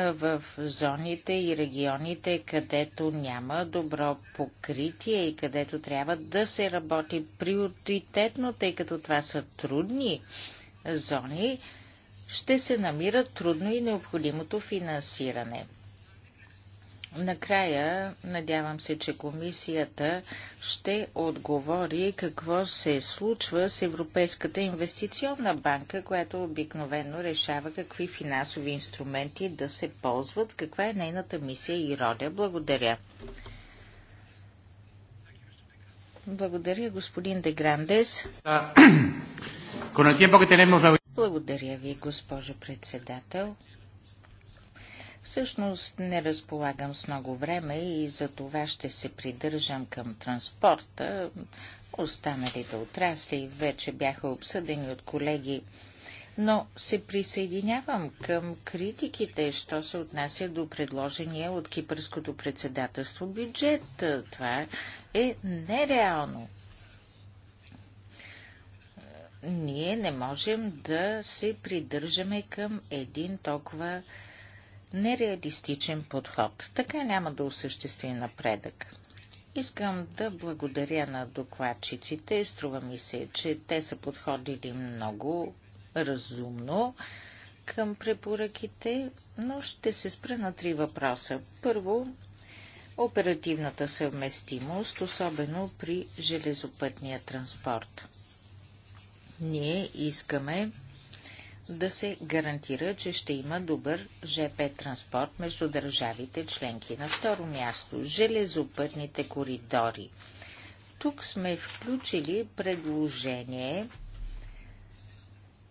в зоните и регионите, където няма добро покритие и където трябва да се работи приоритетно, тъй като това са трудни зони, ще се намира трудно и необходимото финансиране. Накрая, надявам се, че комисията ще отговори какво се случва с Европейската инвестиционна банка, която обикновено решава какви финансови инструменти да се ползват, каква е нейната мисия и роля. Благодаря. Благодаря, господин Деграндес. Благодаря ви, госпожо председател. Всъщност не разполагам с много време и за това ще се придържам към транспорта. Останалите отрасли вече бяха обсъдени от колеги, но се присъединявам към критиките, що се отнася до предложения от кипърското председателство бюджет. Това е нереално ние не можем да се придържаме към един толкова нереалистичен подход. Така няма да осъществи напредък. Искам да благодаря на докладчиците. Струва ми се, че те са подходили много разумно към препоръките, но ще се спра на три въпроса. Първо, оперативната съвместимост, особено при железопътния транспорт. Ние искаме да се гарантира, че ще има добър ЖП транспорт между държавите членки. На второ място – железопътните коридори. Тук сме включили предложение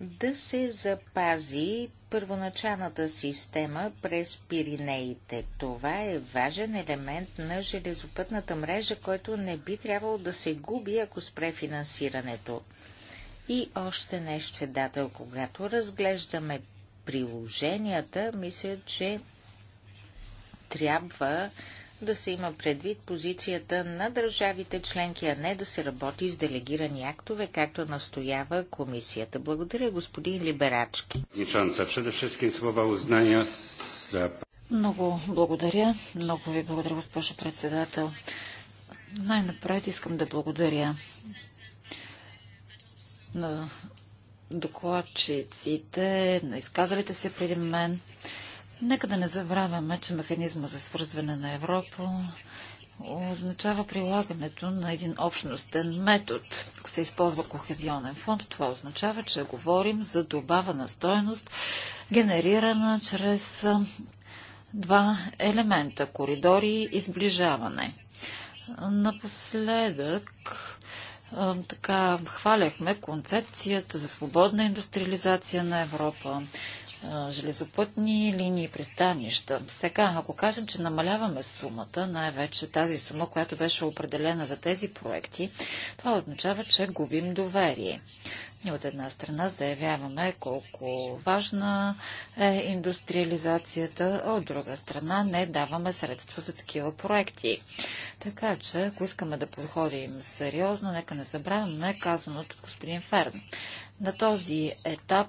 да се запази първоначалната система през Пиринеите. Това е важен елемент на железопътната мрежа, който не би трябвало да се губи, ако спре финансирането. И още нещо, председател, когато разглеждаме приложенията, мисля, че трябва да се има предвид позицията на държавите членки, а не да се работи с делегирани актове, както настоява комисията. Благодаря, господин Либерачки. Много благодаря. Много ви благодаря, госпожо председател. Най-напред искам да благодаря на докладчиците, на изказалите се преди мен. Нека да не забравяме, че механизма за свързване на Европа означава прилагането на един общностен метод. Ако се използва кохезионен фонд, това означава, че говорим за добавена стоеност, генерирана чрез два елемента – коридори и сближаване. Напоследък така хваляхме концепцията за свободна индустриализация на Европа, железопътни линии пристанища. Сега, ако кажем, че намаляваме сумата, най-вече тази сума, която беше определена за тези проекти, това означава, че губим доверие. Ние от една страна заявяваме колко важна е индустриализацията, а от друга страна не даваме средства за такива проекти. Така че, ако искаме да подходим сериозно, нека не забравяме казаното от господин Ферн. На този етап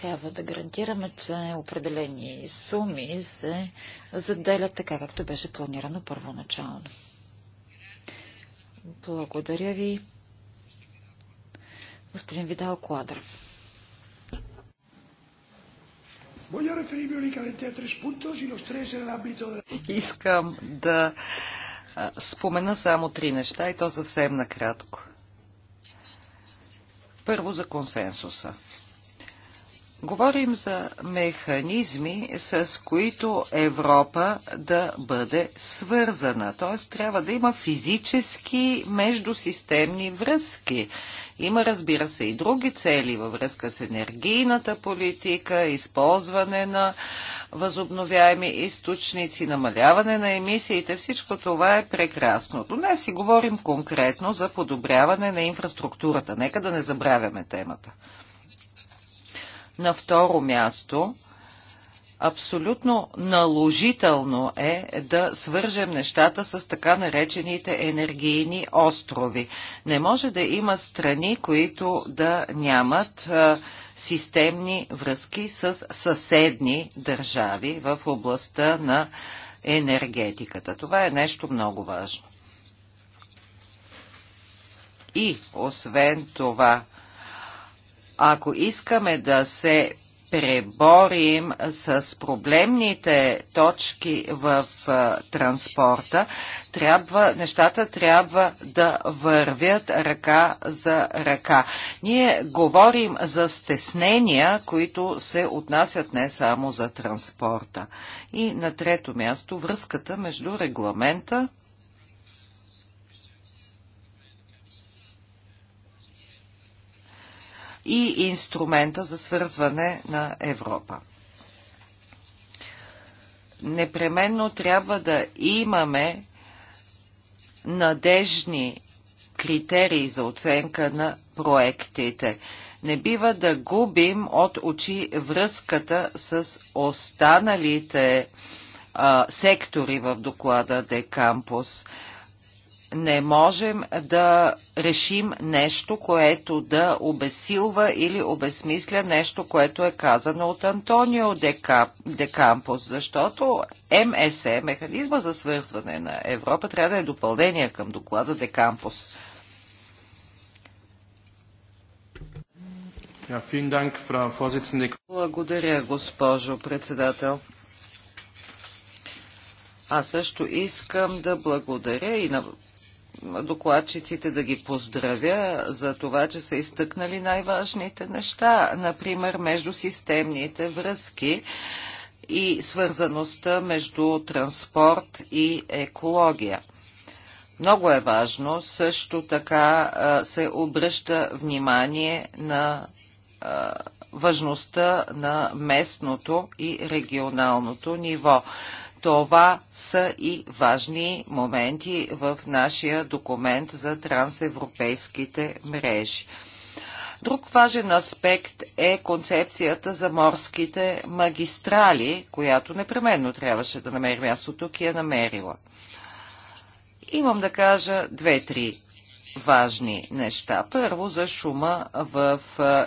трябва да гарантираме, че определени суми се заделят така, както беше планирано първоначално. Благодаря ви. Господин Видал Квадра. E Искам да спомена само три неща и то съвсем накратко. Първо за консенсуса. Говорим за механизми, с които Европа да бъде свързана. Т.е. трябва да има физически междусистемни връзки. Има, разбира се, и други цели във връзка с енергийната политика, използване на възобновяеми източници, намаляване на емисиите. Всичко това е прекрасно. днес си говорим конкретно за подобряване на инфраструктурата. Нека да не забравяме темата. На второ място, абсолютно наложително е да свържем нещата с така наречените енергийни острови. Не може да има страни, които да нямат системни връзки с съседни държави в областта на енергетиката. Това е нещо много важно. И освен това, ако искаме да се преборим с проблемните точки в транспорта, трябва, нещата трябва да вървят ръка за ръка. Ние говорим за стеснения, които се отнасят не само за транспорта. И на трето място връзката между регламента и инструмента за свързване на Европа. Непременно трябва да имаме надежни критерии за оценка на проектите. Не бива да губим от очи връзката с останалите а, сектори в доклада Декампус. Кампус не можем да решим нещо, което да обесилва или обесмисля нещо, което е казано от Антонио Де Кампус, защото МСЕ, механизма за свързване на Европа, трябва да е допълнение към доклада Де Кампус. Благодаря, госпожо председател. Аз също искам да благодаря и на докладчиците да ги поздравя за това, че са изтъкнали най-важните неща, например между системните връзки и свързаността между транспорт и екология. Много е важно също така се обръща внимание на важността на местното и регионалното ниво. Това са и важни моменти в нашия документ за трансевропейските мрежи. Друг важен аспект е концепцията за морските магистрали, която непременно трябваше да намери място тук и е намерила. Имам да кажа две-три важни неща. Първо за шума в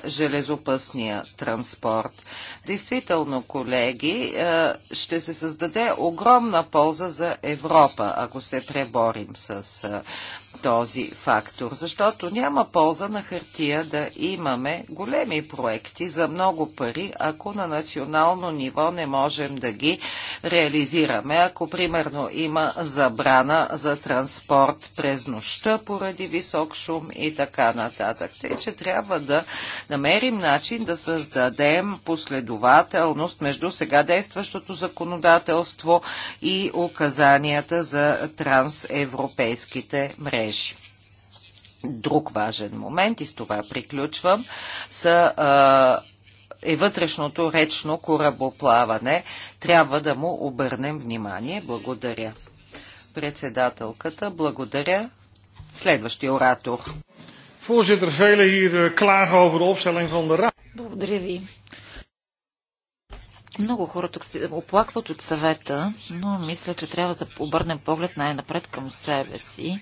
железопъсния транспорт. Действително, колеги, е, ще се създаде огромна полза за Европа, ако се преборим с е, този фактор, защото няма полза на хартия да имаме големи проекти за много пари, ако на национално ниво не можем да ги реализираме. Ако, примерно, има забрана за транспорт през нощта поради висок шум и така нататък. Те, че трябва да намерим начин да създадем последователност последователност между сега действащото законодателство и указанията за трансевропейските мрежи. Друг важен момент, и с това приключвам, са е вътрешното речно корабоплаване. Трябва да му обърнем внимание. Благодаря. Председателката, благодаря. Следващия оратор. Eh, благодаря ви. Много хора тук се оплакват от съвета, но мисля, че трябва да обърнем поглед най-напред към себе си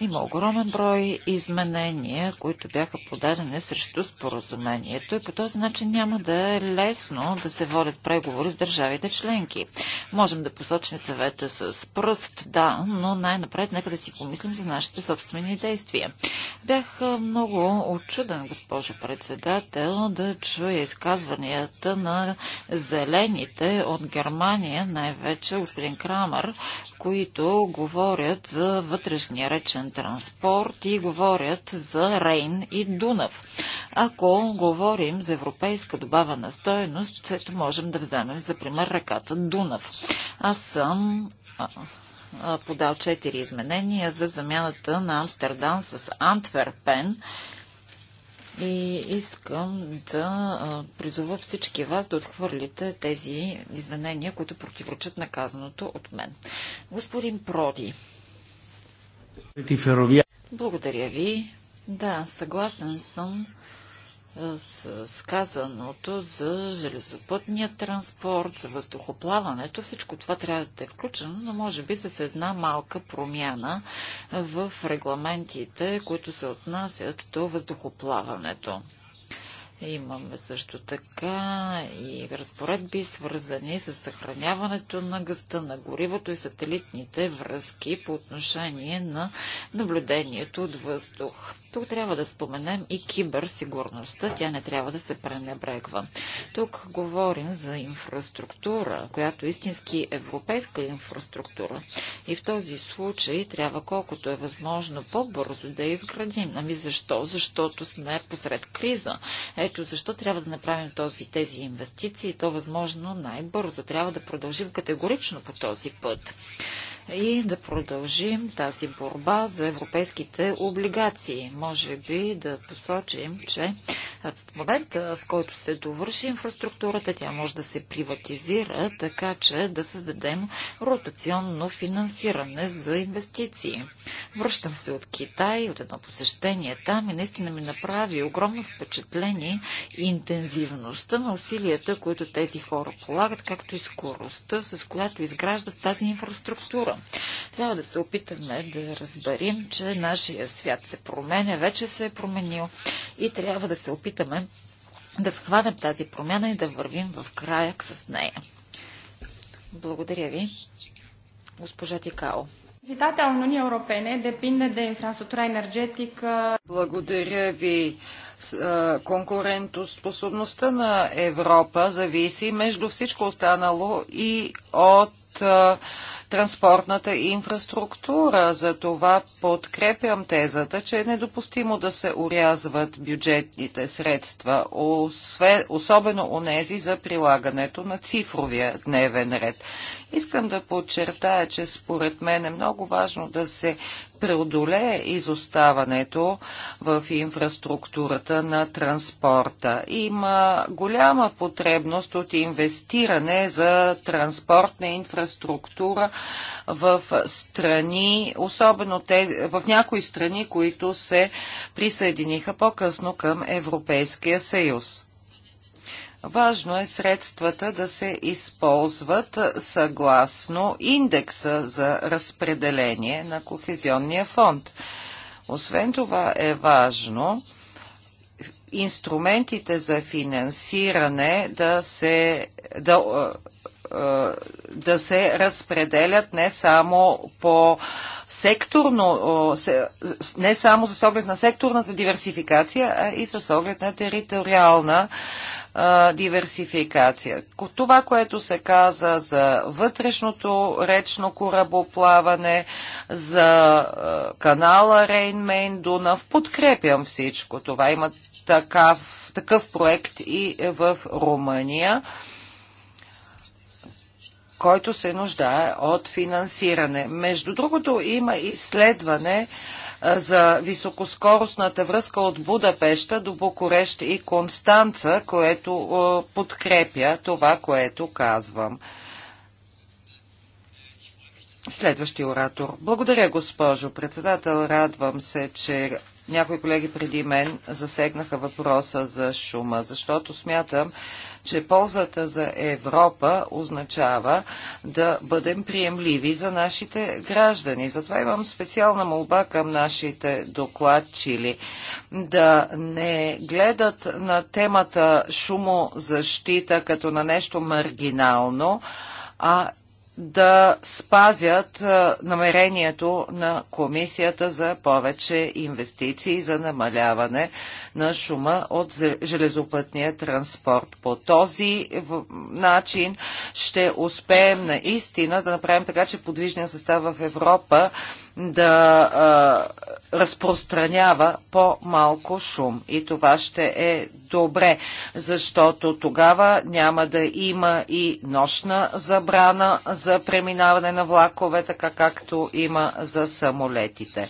има огромен брой изменения, които бяха подадени срещу споразумението и по този начин няма да е лесно да се водят преговори с държавите членки. Можем да посочим съвета с пръст, да, но най-напред нека да си помислим за нашите собствени действия. Бях много очуден, госпожо председател, да чуя изказванията на зелените от Германия, най-вече господин Крамер, които говорят за вътрешния речен железопътен транспорт и говорят за Рейн и Дунав. Ако говорим за европейска добавена стоеност, ето можем да вземем за пример реката Дунав. Аз съм подал четири изменения за замяната на Амстердам с Антверпен и искам да призова всички вас да отхвърлите тези изменения, които противоречат наказаното от мен. Господин Проди, благодаря ви. Да, съгласен съм с, сказаното казаното за железопътния транспорт, за въздухоплаването. Всичко това трябва да е включено, но може би с една малка промяна в регламентите, които се отнасят до въздухоплаването. Имаме също така и разпоредби, свързани с съхраняването на гъста, на горивото и сателитните връзки по отношение на наблюдението от въздух. Тук трябва да споменем и киберсигурността. Тя не трябва да се пренебрегва. Тук говорим за инфраструктура, която е истински европейска инфраструктура. И в този случай трябва колкото е възможно по-бързо да изградим. Ами защо? Защото сме посред криза. Е ето защо трябва да направим този, тези инвестиции, то възможно най-бързо. Трябва да продължим категорично по този път и да продължим тази борба за европейските облигации. Може би да посочим, че в момента, в който се довърши инфраструктурата, тя може да се приватизира, така че да създадем ротационно финансиране за инвестиции. Връщам се от Китай, от едно посещение там и наистина ми направи огромно впечатление и интензивността на усилията, които тези хора полагат, както и скоростта, с която изграждат тази инфраструктура трябва да се опитаме да разберим, че нашия свят се променя, вече се е променил и трябва да се опитаме да схванем тази промяна и да вървим в края с нея. Благодаря ви, госпожа Тикао. Vitalitatea Uniunii Europene depinde de infrastructura Благодаря ви. Конкурентоспособността на Европа зависи между всичко останало и от транспортната инфраструктура. За това подкрепям тезата, че е недопустимо да се урязват бюджетните средства, особено унези за прилагането на цифровия дневен ред. Искам да подчертая, че според мен е много важно да се преодолее изоставането в инфраструктурата на транспорта. Има голяма потребност от инвестиране за транспортна инфраструктура в страни, особено те, в някои страни, които се присъединиха по-късно към Европейския съюз. Важно е средствата да се използват съгласно индекса за разпределение на Кохезионния фонд. Освен това е важно инструментите за финансиране да се да да се разпределят не само по секторно, не само с оглед на секторната диверсификация, а и с оглед на териториална диверсификация. Това, което се каза за вътрешното речно корабоплаване, за канала Рейн-Мейн Дунав, подкрепям всичко това. Има такав, такъв проект и в Румъния който се нуждае от финансиране. Между другото, има изследване за високоскоростната връзка от Будапешта до Букурещ и Констанца, което подкрепя това, което казвам. Следващия оратор. Благодаря, госпожо председател. Радвам се, че някои колеги преди мен засегнаха въпроса за шума, защото смятам, че ползата за Европа означава да бъдем приемливи за нашите граждани. Затова имам специална молба към нашите докладчили да не гледат на темата шумозащита като на нещо маргинално, а да спазят намерението на комисията за повече инвестиции за намаляване на шума от железопътния транспорт. По този начин ще успеем наистина да направим така, че подвижният състав в Европа да а, разпространява по-малко шум. И това ще е добре, защото тогава няма да има и нощна забрана за преминаване на влакове, така както има за самолетите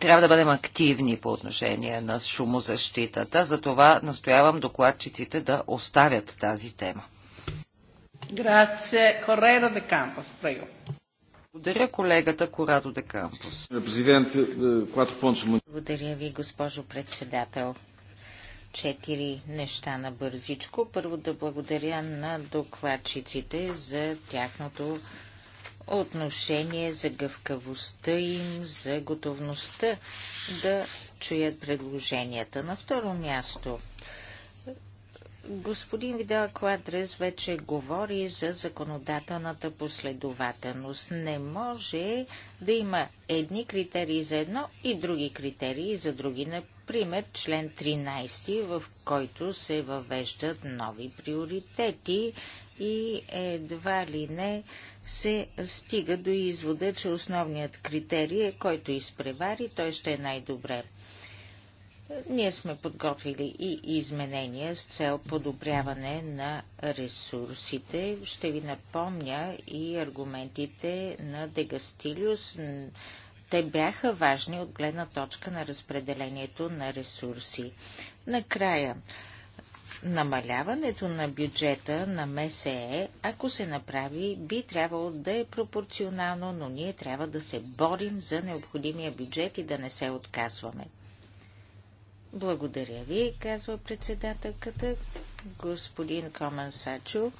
трябва да бъдем активни по отношение на шумозащитата. Затова настоявам докладчиците да оставят тази тема. Grazie. Correra de Campos, prego. Благодаря колегата Корадо де Кампус. Е, благодаря ви, госпожо председател. Четири неща на бързичко. Първо да благодаря на докладчиците за тяхното отношение, за гъвкавостта им, за готовността да чуят предложенията. На второ място – Господин Видал Квадрес вече говори за законодателната последователност. Не може да има едни критерии за едно и други критерии за други. Например, член 13, в който се въвеждат нови приоритети и едва ли не се стига до извода, че основният критерий е който изпревари, той ще е най-добре ние сме подготвили и изменения с цел подобряване на ресурсите. Ще ви напомня и аргументите на Дегастилиус. Те бяха важни от гледна точка на разпределението на ресурси. Накрая, намаляването на бюджета на МСЕ, ако се направи, би трябвало да е пропорционално, но ние трябва да се борим за необходимия бюджет и да не се отказваме. Благодаря ви, казва председателката господин Коман Сачо.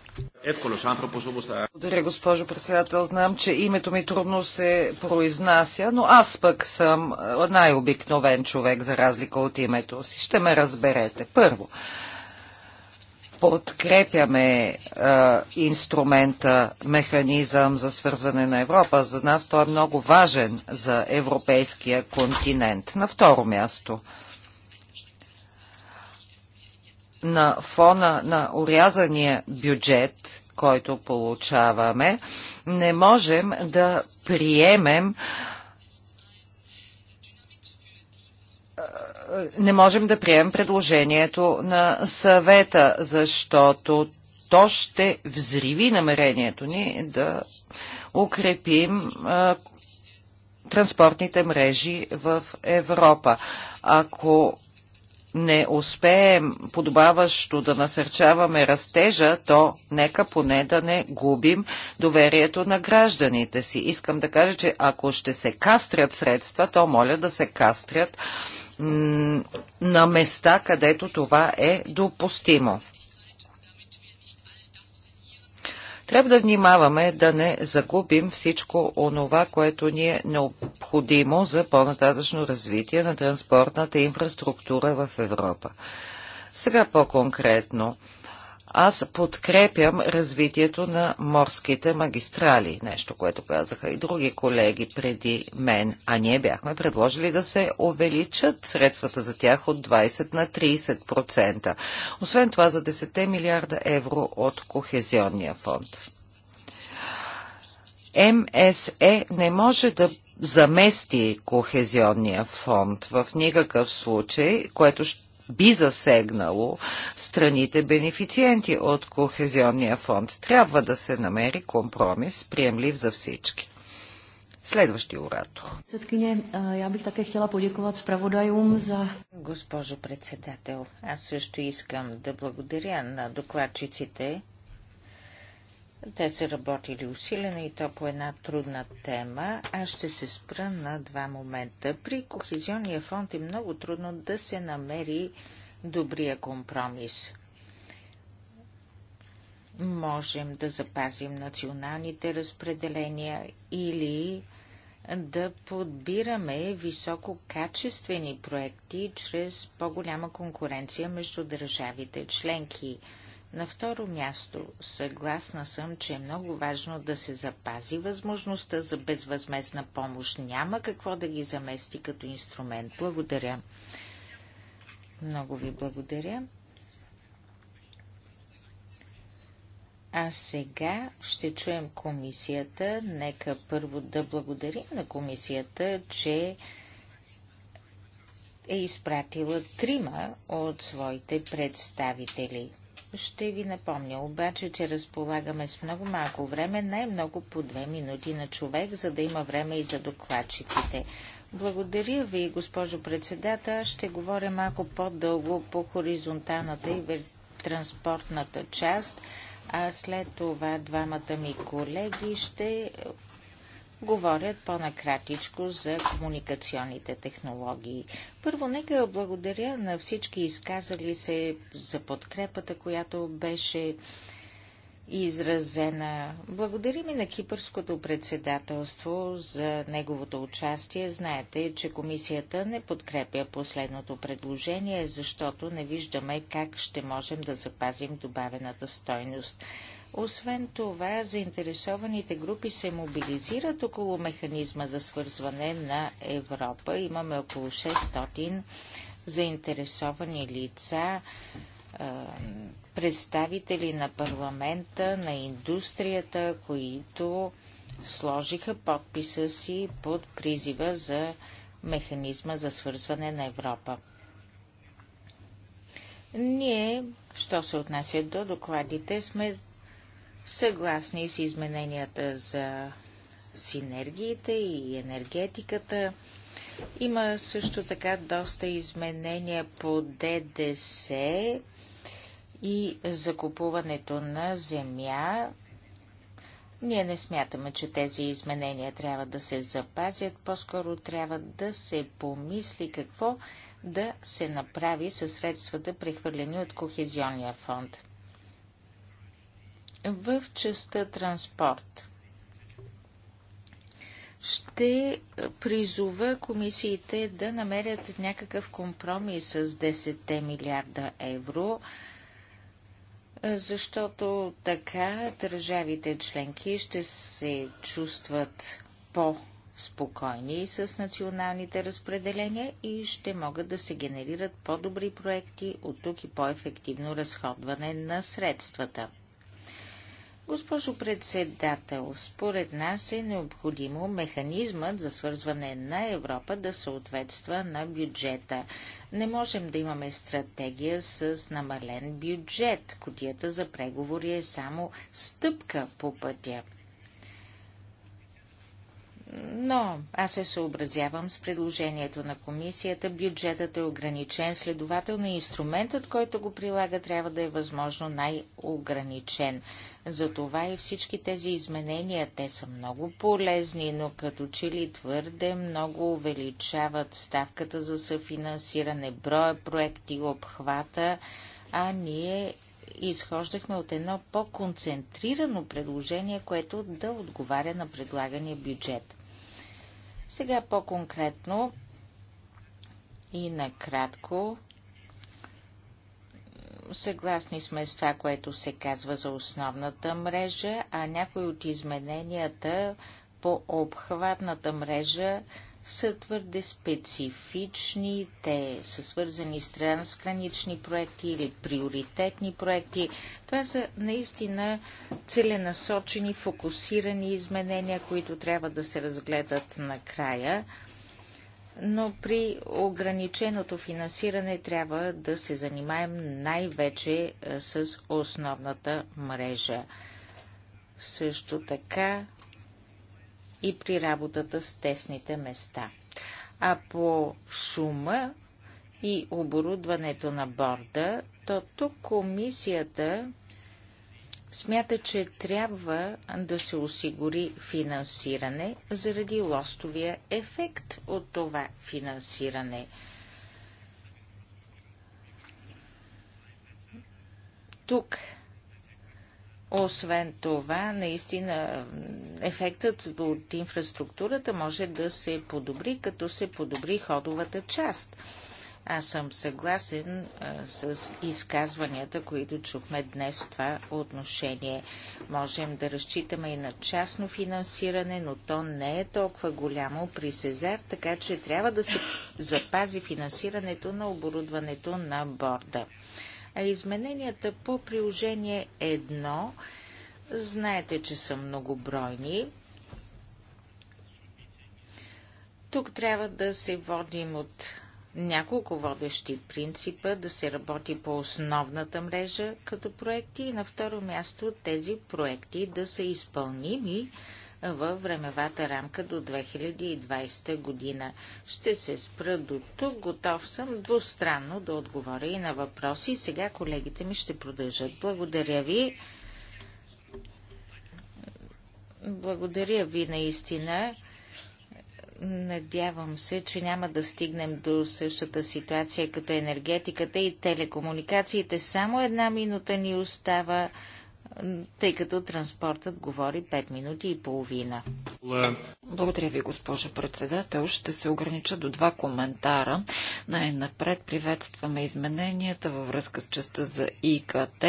Благодаря, госпожо председател. Знам, че името ми трудно се произнася, но аз пък съм е, най-обикновен човек, за разлика от името си. Ще ме разберете. Първо, подкрепяме а, е, инструмента, механизъм за свързване на Европа. За нас той е много важен за европейския континент. На второ място – на фона на урязания бюджет, който получаваме, не можем да приемем не можем да приемем предложението на съвета, защото то ще взриви намерението ни да укрепим а, транспортните мрежи в Европа. Ако не успеем подобаващо да насърчаваме растежа, то нека поне да не губим доверието на гражданите си. Искам да кажа, че ако ще се кастрят средства, то моля да се кастрят на места, където това е допустимо. Трябва да внимаваме да не загубим всичко онова, което ни е необходимо за по-нататъчно развитие на транспортната инфраструктура в Европа. Сега по-конкретно. Аз подкрепям развитието на морските магистрали, нещо, което казаха и други колеги преди мен, а ние бяхме предложили да се увеличат средствата за тях от 20 на 30%. Освен това за 10 милиарда евро от Кохезионния фонд. МСЕ не може да замести Кохезионния фонд в никакъв случай, което ще би засегнало страните бенефициенти от Кохезионния фонд. Трябва да се намери компромис, приемлив за всички. Следващия оратор. Съдкине, я бих така хотела подяковат справодайум за... Госпожо председател, аз също искам да благодаря на докладчиците те са работили усилено и то по една трудна тема. Аз ще се спра на два момента. При Кохезионния фонд е много трудно да се намери добрия компромис. Можем да запазим националните разпределения или да подбираме висококачествени проекти чрез по-голяма конкуренция между държавите членки – на второ място, съгласна съм, че е много важно да се запази възможността за безвъзмезна помощ. Няма какво да ги замести като инструмент. Благодаря. Много ви благодаря. А сега ще чуем комисията. Нека първо да благодарим на комисията, че е изпратила трима от своите представители. Ще ви напомня обаче, че разполагаме с много малко време, най-много по две минути на човек, за да има време и за докладчиците. Благодаря ви, госпожо председател. Ще говоря малко по-дълго по хоризонталната и транспортната част, а след това двамата ми колеги ще говорят по-накратичко за комуникационните технологии. Първо, нека благодаря на всички изказали се за подкрепата, която беше изразена. Благодарим и на Кипърското председателство за неговото участие. Знаете, че комисията не подкрепя последното предложение, защото не виждаме как ще можем да запазим добавената стойност. Освен това, заинтересованите групи се мобилизират около механизма за свързване на Европа. Имаме около 600 заинтересовани лица, представители на парламента, на индустрията, които сложиха подписа си под призива за механизма за свързване на Европа. Ние, що се отнася до докладите, сме Съгласни с измененията за синергиите и енергетиката. Има също така доста изменения по ДДС и закупуването на земя. Ние не смятаме, че тези изменения трябва да се запазят, по-скоро трябва да се помисли какво да се направи със средствата, прехвърлени от Кохезионния фонд в частта транспорт. Ще призова комисиите да намерят някакъв компромис с 10 милиарда евро, защото така държавите членки ще се чувстват по спокойни с националните разпределения и ще могат да се генерират по-добри проекти от тук и по-ефективно разходване на средствата. Госпожо председател, според нас е необходимо механизмът за свързване на Европа да съответства на бюджета. Не можем да имаме стратегия с намален бюджет. Котията за преговори е само стъпка по пътя но аз се съобразявам с предложението на комисията. Бюджетът е ограничен, следователно инструментът, който го прилага, трябва да е възможно най-ограничен. Затова и всички тези изменения, те са много полезни, но като че ли твърде много увеличават ставката за съфинансиране, броя проекти, обхвата, а ние изхождахме от едно по-концентрирано предложение, което да отговаря на предлагания бюджет. Сега по-конкретно и накратко съгласни сме с това, което се казва за основната мрежа, а някои от измененията по обхватната мрежа са твърде специфични, те са свързани с трансгранични проекти или приоритетни проекти. Това са наистина целенасочени, фокусирани изменения, които трябва да се разгледат накрая. Но при ограниченото финансиране трябва да се занимаем най-вече с основната мрежа. Също така и при работата с тесните места. А по шума и оборудването на борда, то тук комисията смята, че трябва да се осигури финансиране заради лостовия ефект от това финансиране. Тук освен това, наистина ефектът от инфраструктурата може да се подобри, като се подобри ходовата част. Аз съм съгласен а, с изказванията, които чухме днес в това отношение. Можем да разчитаме и на частно финансиране, но то не е толкова голямо при Сезар, така че трябва да се запази финансирането на оборудването на борда. А измененията по приложение 1 знаете, че са многобройни. Тук трябва да се водим от няколко водещи принципа, да се работи по основната мрежа като проекти и на второ място тези проекти да са изпълними във времевата рамка до 2020 година. Ще се спра до тук. Готов съм двустранно да отговоря и на въпроси. Сега колегите ми ще продължат. Благодаря ви. Благодаря ви наистина. Надявам се, че няма да стигнем до същата ситуация като енергетиката и телекомуникациите. Само една минута ни остава тъй като транспортът говори 5 минути и половина. Благодаря ви, госпожо председател. Ще се огранича до два коментара. Най-напред приветстваме измененията във връзка с частта за ИКТ.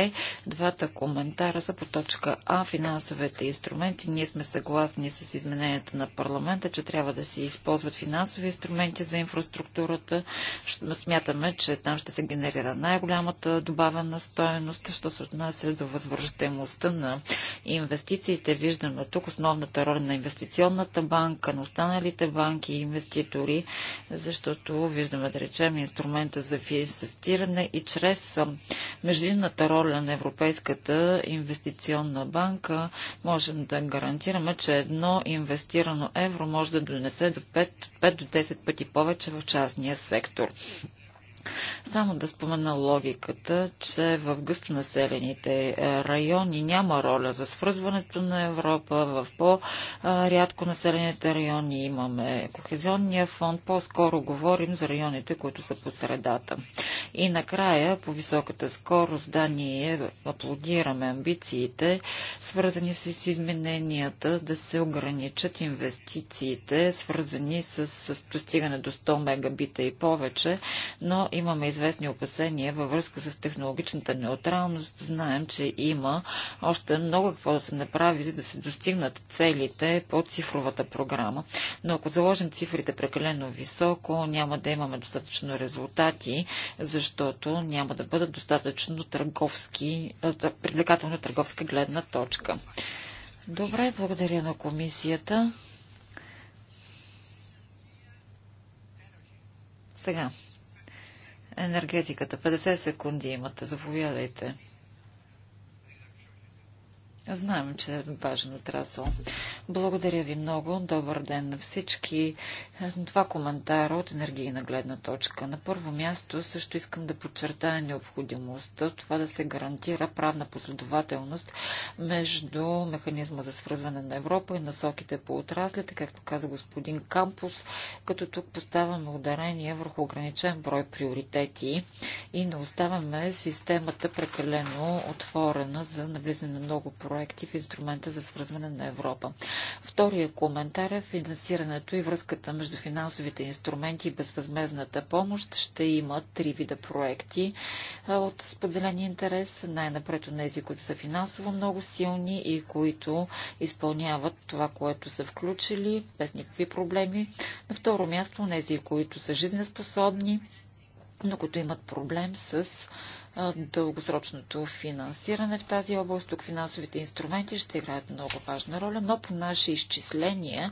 Двата коментара са по точка А, финансовите инструменти. Ние сме съгласни с измененията на парламента, че трябва да се използват финансови инструменти за инфраструктурата. Смятаме, че там ще се генерира най-голямата добавена стоеност, що се отнася до възвръщане значимостта на инвестициите. Виждаме тук основната роля на инвестиционната банка, на останалите банки и инвеститори, защото виждаме, да речем, инструмента за финансиране и чрез междинната роля на Европейската инвестиционна банка можем да гарантираме, че едно инвестирано евро може да донесе до 5, 5 до 10 пъти повече в частния сектор. Само да спомена логиката, че в гъстонаселените е, райони няма роля за свързването на Европа, в по-рядко населените райони имаме кохезионния фонд, по-скоро говорим за районите, които са по средата. И накрая, по високата скорост, да, ние аплодираме амбициите, свързани с измененията, да се ограничат инвестициите, свързани с, с достигане до 100 мегабита и повече, но имаме известни опасения във връзка с технологичната неутралност. Знаем, че има още много какво да се направи, за да се достигнат целите по цифровата програма. Но ако заложим цифрите прекалено високо, няма да имаме достатъчно резултати, защото няма да бъдат достатъчно търговски, привлекателно търговска гледна точка. Добре, благодаря на комисията. Сега енергетиката. 50 секунди имате. Заповядайте. Знаем, че е важен отрасъл. Благодаря ви много. Добър ден на всички. Два коментара от енергийна гледна точка. На първо място също искам да подчертая необходимостта това да се гарантира правна последователност между механизма за свързване на Европа и насоките по отраслите, както каза господин Кампус, като тук поставяме ударение върху ограничен брой приоритети и не оставяме системата прекалено отворена за навлизане на много проекти проекти в инструмента за свързване на Европа. Втория коментар е финансирането и връзката между финансовите инструменти и безвъзмезната помощ. Ще има три вида проекти от споделен интерес. Най-напред от тези, които са финансово много силни и които изпълняват това, което са включили, без никакви проблеми. На второ място, тези, които са жизнеспособни, но които имат проблем с дългосрочното финансиране в тази област. Тук финансовите инструменти ще играят много важна роля, но по наши изчисления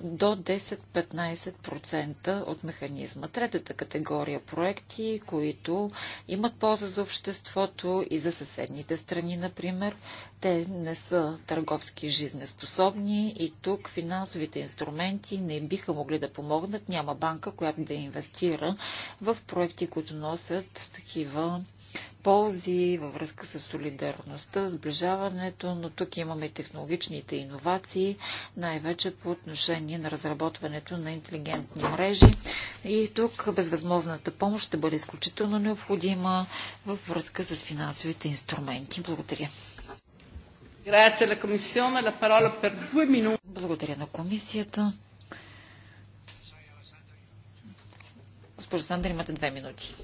до 10-15% от механизма. Третата категория проекти, които имат полза за обществото и за съседните страни, например, те не са търговски жизнеспособни и тук финансовите инструменти не биха могли да помогнат. Няма банка, която да инвестира в проекти, които носят такива ползи във връзка с солидарността, сближаването, но тук имаме технологичните иновации, най-вече по отношение на разработването на интелигентни мрежи. И тук безвъзможната помощ ще бъде изключително необходима във връзка с финансовите инструменти. Благодаря. Благодаря на комисията. Госпожа Сандър, имате две минути.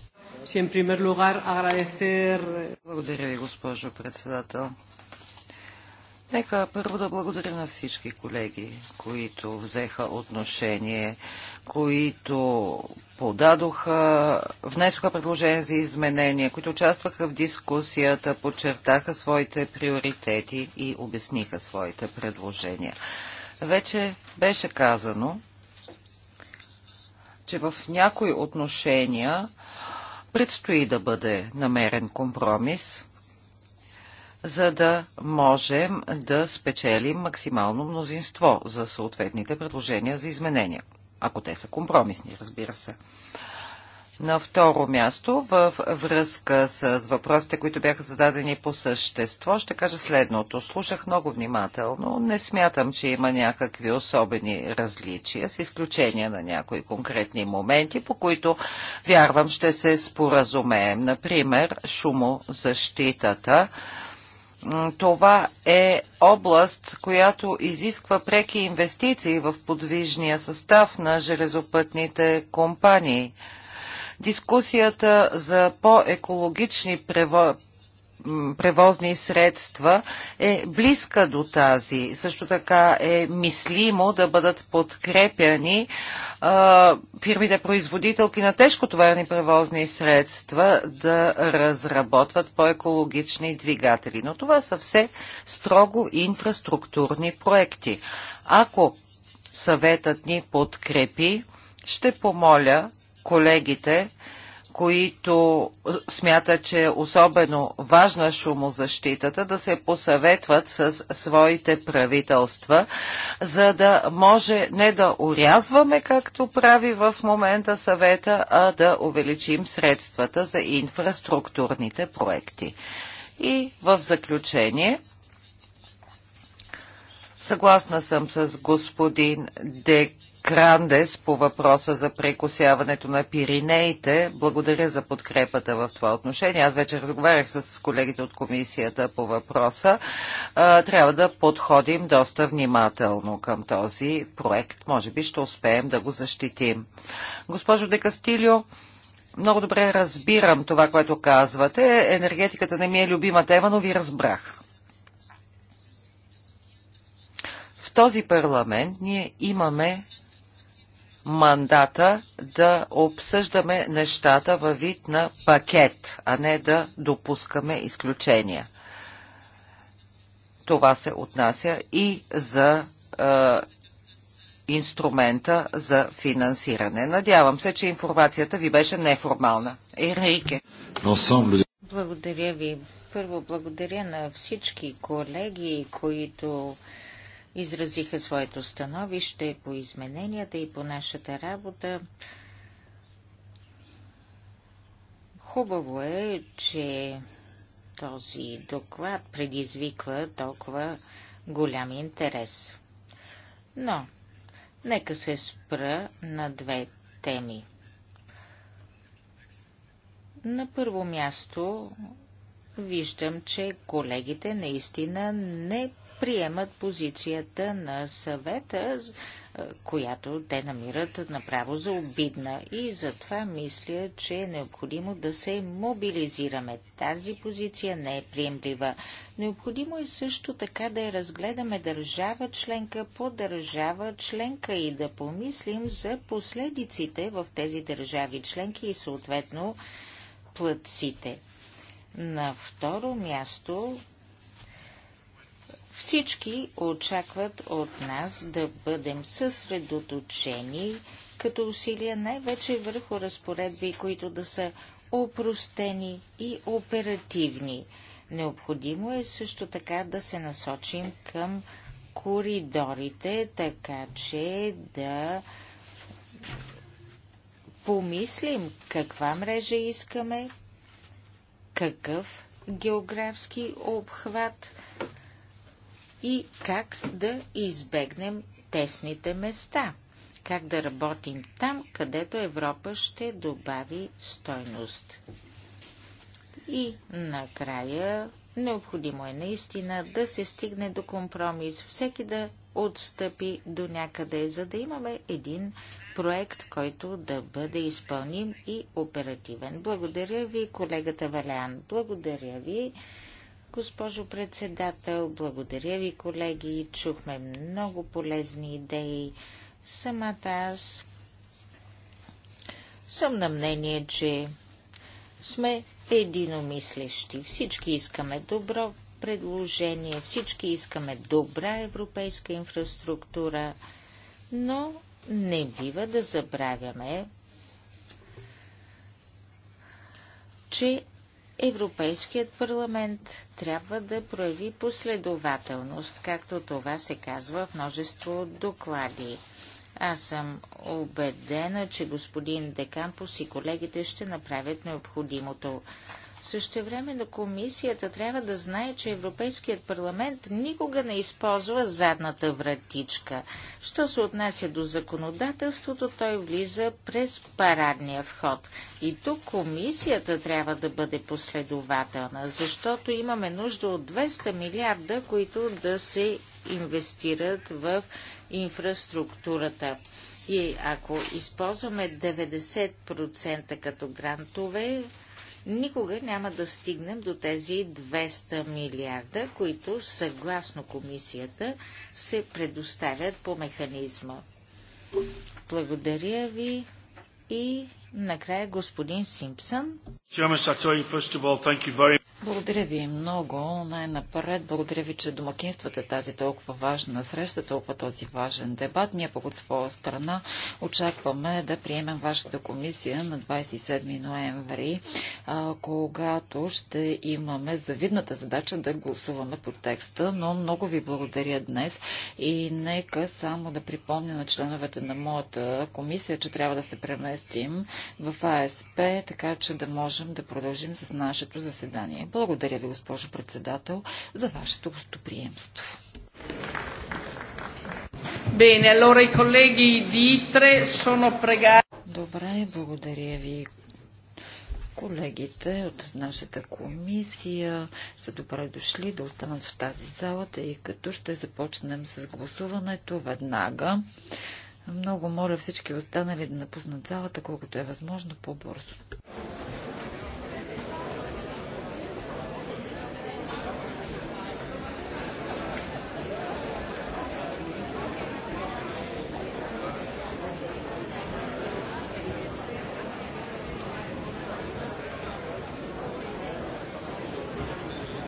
Eh, благодаря ви, госпожо председател. Нека първо да благодаря на всички колеги, които взеха отношение, които подадоха, внесоха предложения за изменения, които участваха в дискусията, подчертаха своите приоритети и обясниха своите предложения. Вече беше казано, че в някои отношения Предстои да бъде намерен компромис, за да можем да спечелим максимално мнозинство за съответните предложения за изменения, ако те са компромисни, разбира се. На второ място, в връзка с въпросите, които бяха зададени по същество, ще кажа следното. Слушах много внимателно. Не смятам, че има някакви особени различия, с изключение на някои конкретни моменти, по които вярвам ще се споразумеем. Например, шумозащитата това е област, която изисква преки инвестиции в подвижния състав на железопътните компании. Дискусията за по-екологични превозни средства е близка до тази. Също така е мислимо да бъдат подкрепяни а, фирмите производителки на тежкотоварни превозни средства да разработват по-екологични двигатели. Но това са все строго инфраструктурни проекти. Ако съветът ни подкрепи, ще помоля колегите, които смятат, че е особено важна шумозащитата, да се посъветват с своите правителства, за да може не да урязваме, както прави в момента съвета, а да увеличим средствата за инфраструктурните проекти. И в заключение, съгласна съм с господин Дек Грандес по въпроса за прекосяването на Пиринеите. Благодаря за подкрепата в това отношение. Аз вече разговарях с колегите от комисията по въпроса. Трябва да подходим доста внимателно към този проект. Може би ще успеем да го защитим. Госпожо Декастилио, много добре разбирам това, което казвате. Енергетиката не ми е любима тема, но ви разбрах. В този парламент ние имаме мандата да обсъждаме нещата във вид на пакет, а не да допускаме изключения. Това се отнася и за е, инструмента за финансиране. Надявам се, че информацията ви беше неформална. Енрике. Благодаря ви. Първо благодаря на всички колеги, които изразиха своето становище по измененията и по нашата работа. Хубаво е, че този доклад предизвиква толкова голям интерес. Но, нека се спра на две теми. На първо място виждам, че колегите наистина не приемат позицията на съвета, която те намират направо за обидна. И затова мисля, че е необходимо да се мобилизираме. Тази позиция не е приемлива. Необходимо е също така да я разгледаме държава членка по държава членка и да помислим за последиците в тези държави членки и съответно плъците. На второ място всички очакват от нас да бъдем съсредоточени като усилия най-вече върху разпоредби, които да са опростени и оперативни. Необходимо е също така да се насочим към коридорите, така че да помислим каква мрежа искаме, какъв географски обхват, и как да избегнем тесните места, как да работим там, където Европа ще добави стойност. И накрая необходимо е наистина да се стигне до компромис, всеки да отстъпи до някъде, за да имаме един проект, който да бъде изпълним и оперативен. Благодаря ви, колегата Валян. Благодаря ви. Госпожо председател, благодаря ви, колеги. Чухме много полезни идеи. Самата аз съм на мнение, че сме единомислещи. Всички искаме добро предложение, всички искаме добра европейска инфраструктура, но не бива да забравяме, че Европейският парламент трябва да прояви последователност, както това се казва в множество доклади. Аз съм убедена, че господин Декампус и колегите ще направят необходимото. Също време на комисията трябва да знае, че Европейският парламент никога не използва задната вратичка. Що се отнася до законодателството, той влиза през парадния вход. И тук комисията трябва да бъде последователна, защото имаме нужда от 200 милиарда, които да се инвестират в инфраструктурата. И ако използваме 90% като грантове, никога няма да стигнем до тези 200 милиарда, които съгласно комисията се предоставят по механизма. Благодаря ви и накрая господин Симпсън. Благодаря ви много. Най-напред благодаря ви, че домакинствате тази толкова важна среща, толкова този важен дебат. Ние пък от своя страна очакваме да приемем вашата комисия на 27 ноември, когато ще имаме завидната задача да гласуваме по текста, но много ви благодаря днес и нека само да припомня на членовете на моята комисия, че трябва да се преместим в АСП, така че да можем да продължим с нашето заседание. Благодаря ви, госпожо председател, за вашето гостоприемство. Bene, allora i colleghi di ITRE sono pregati. Добре, благодаря ви, колегите от нашата комисия са добре дошли да останат в тази зала, тъй като ще започнем с гласуването веднага. Много моля всички останали да напуснат залата, колкото е възможно по-бързо.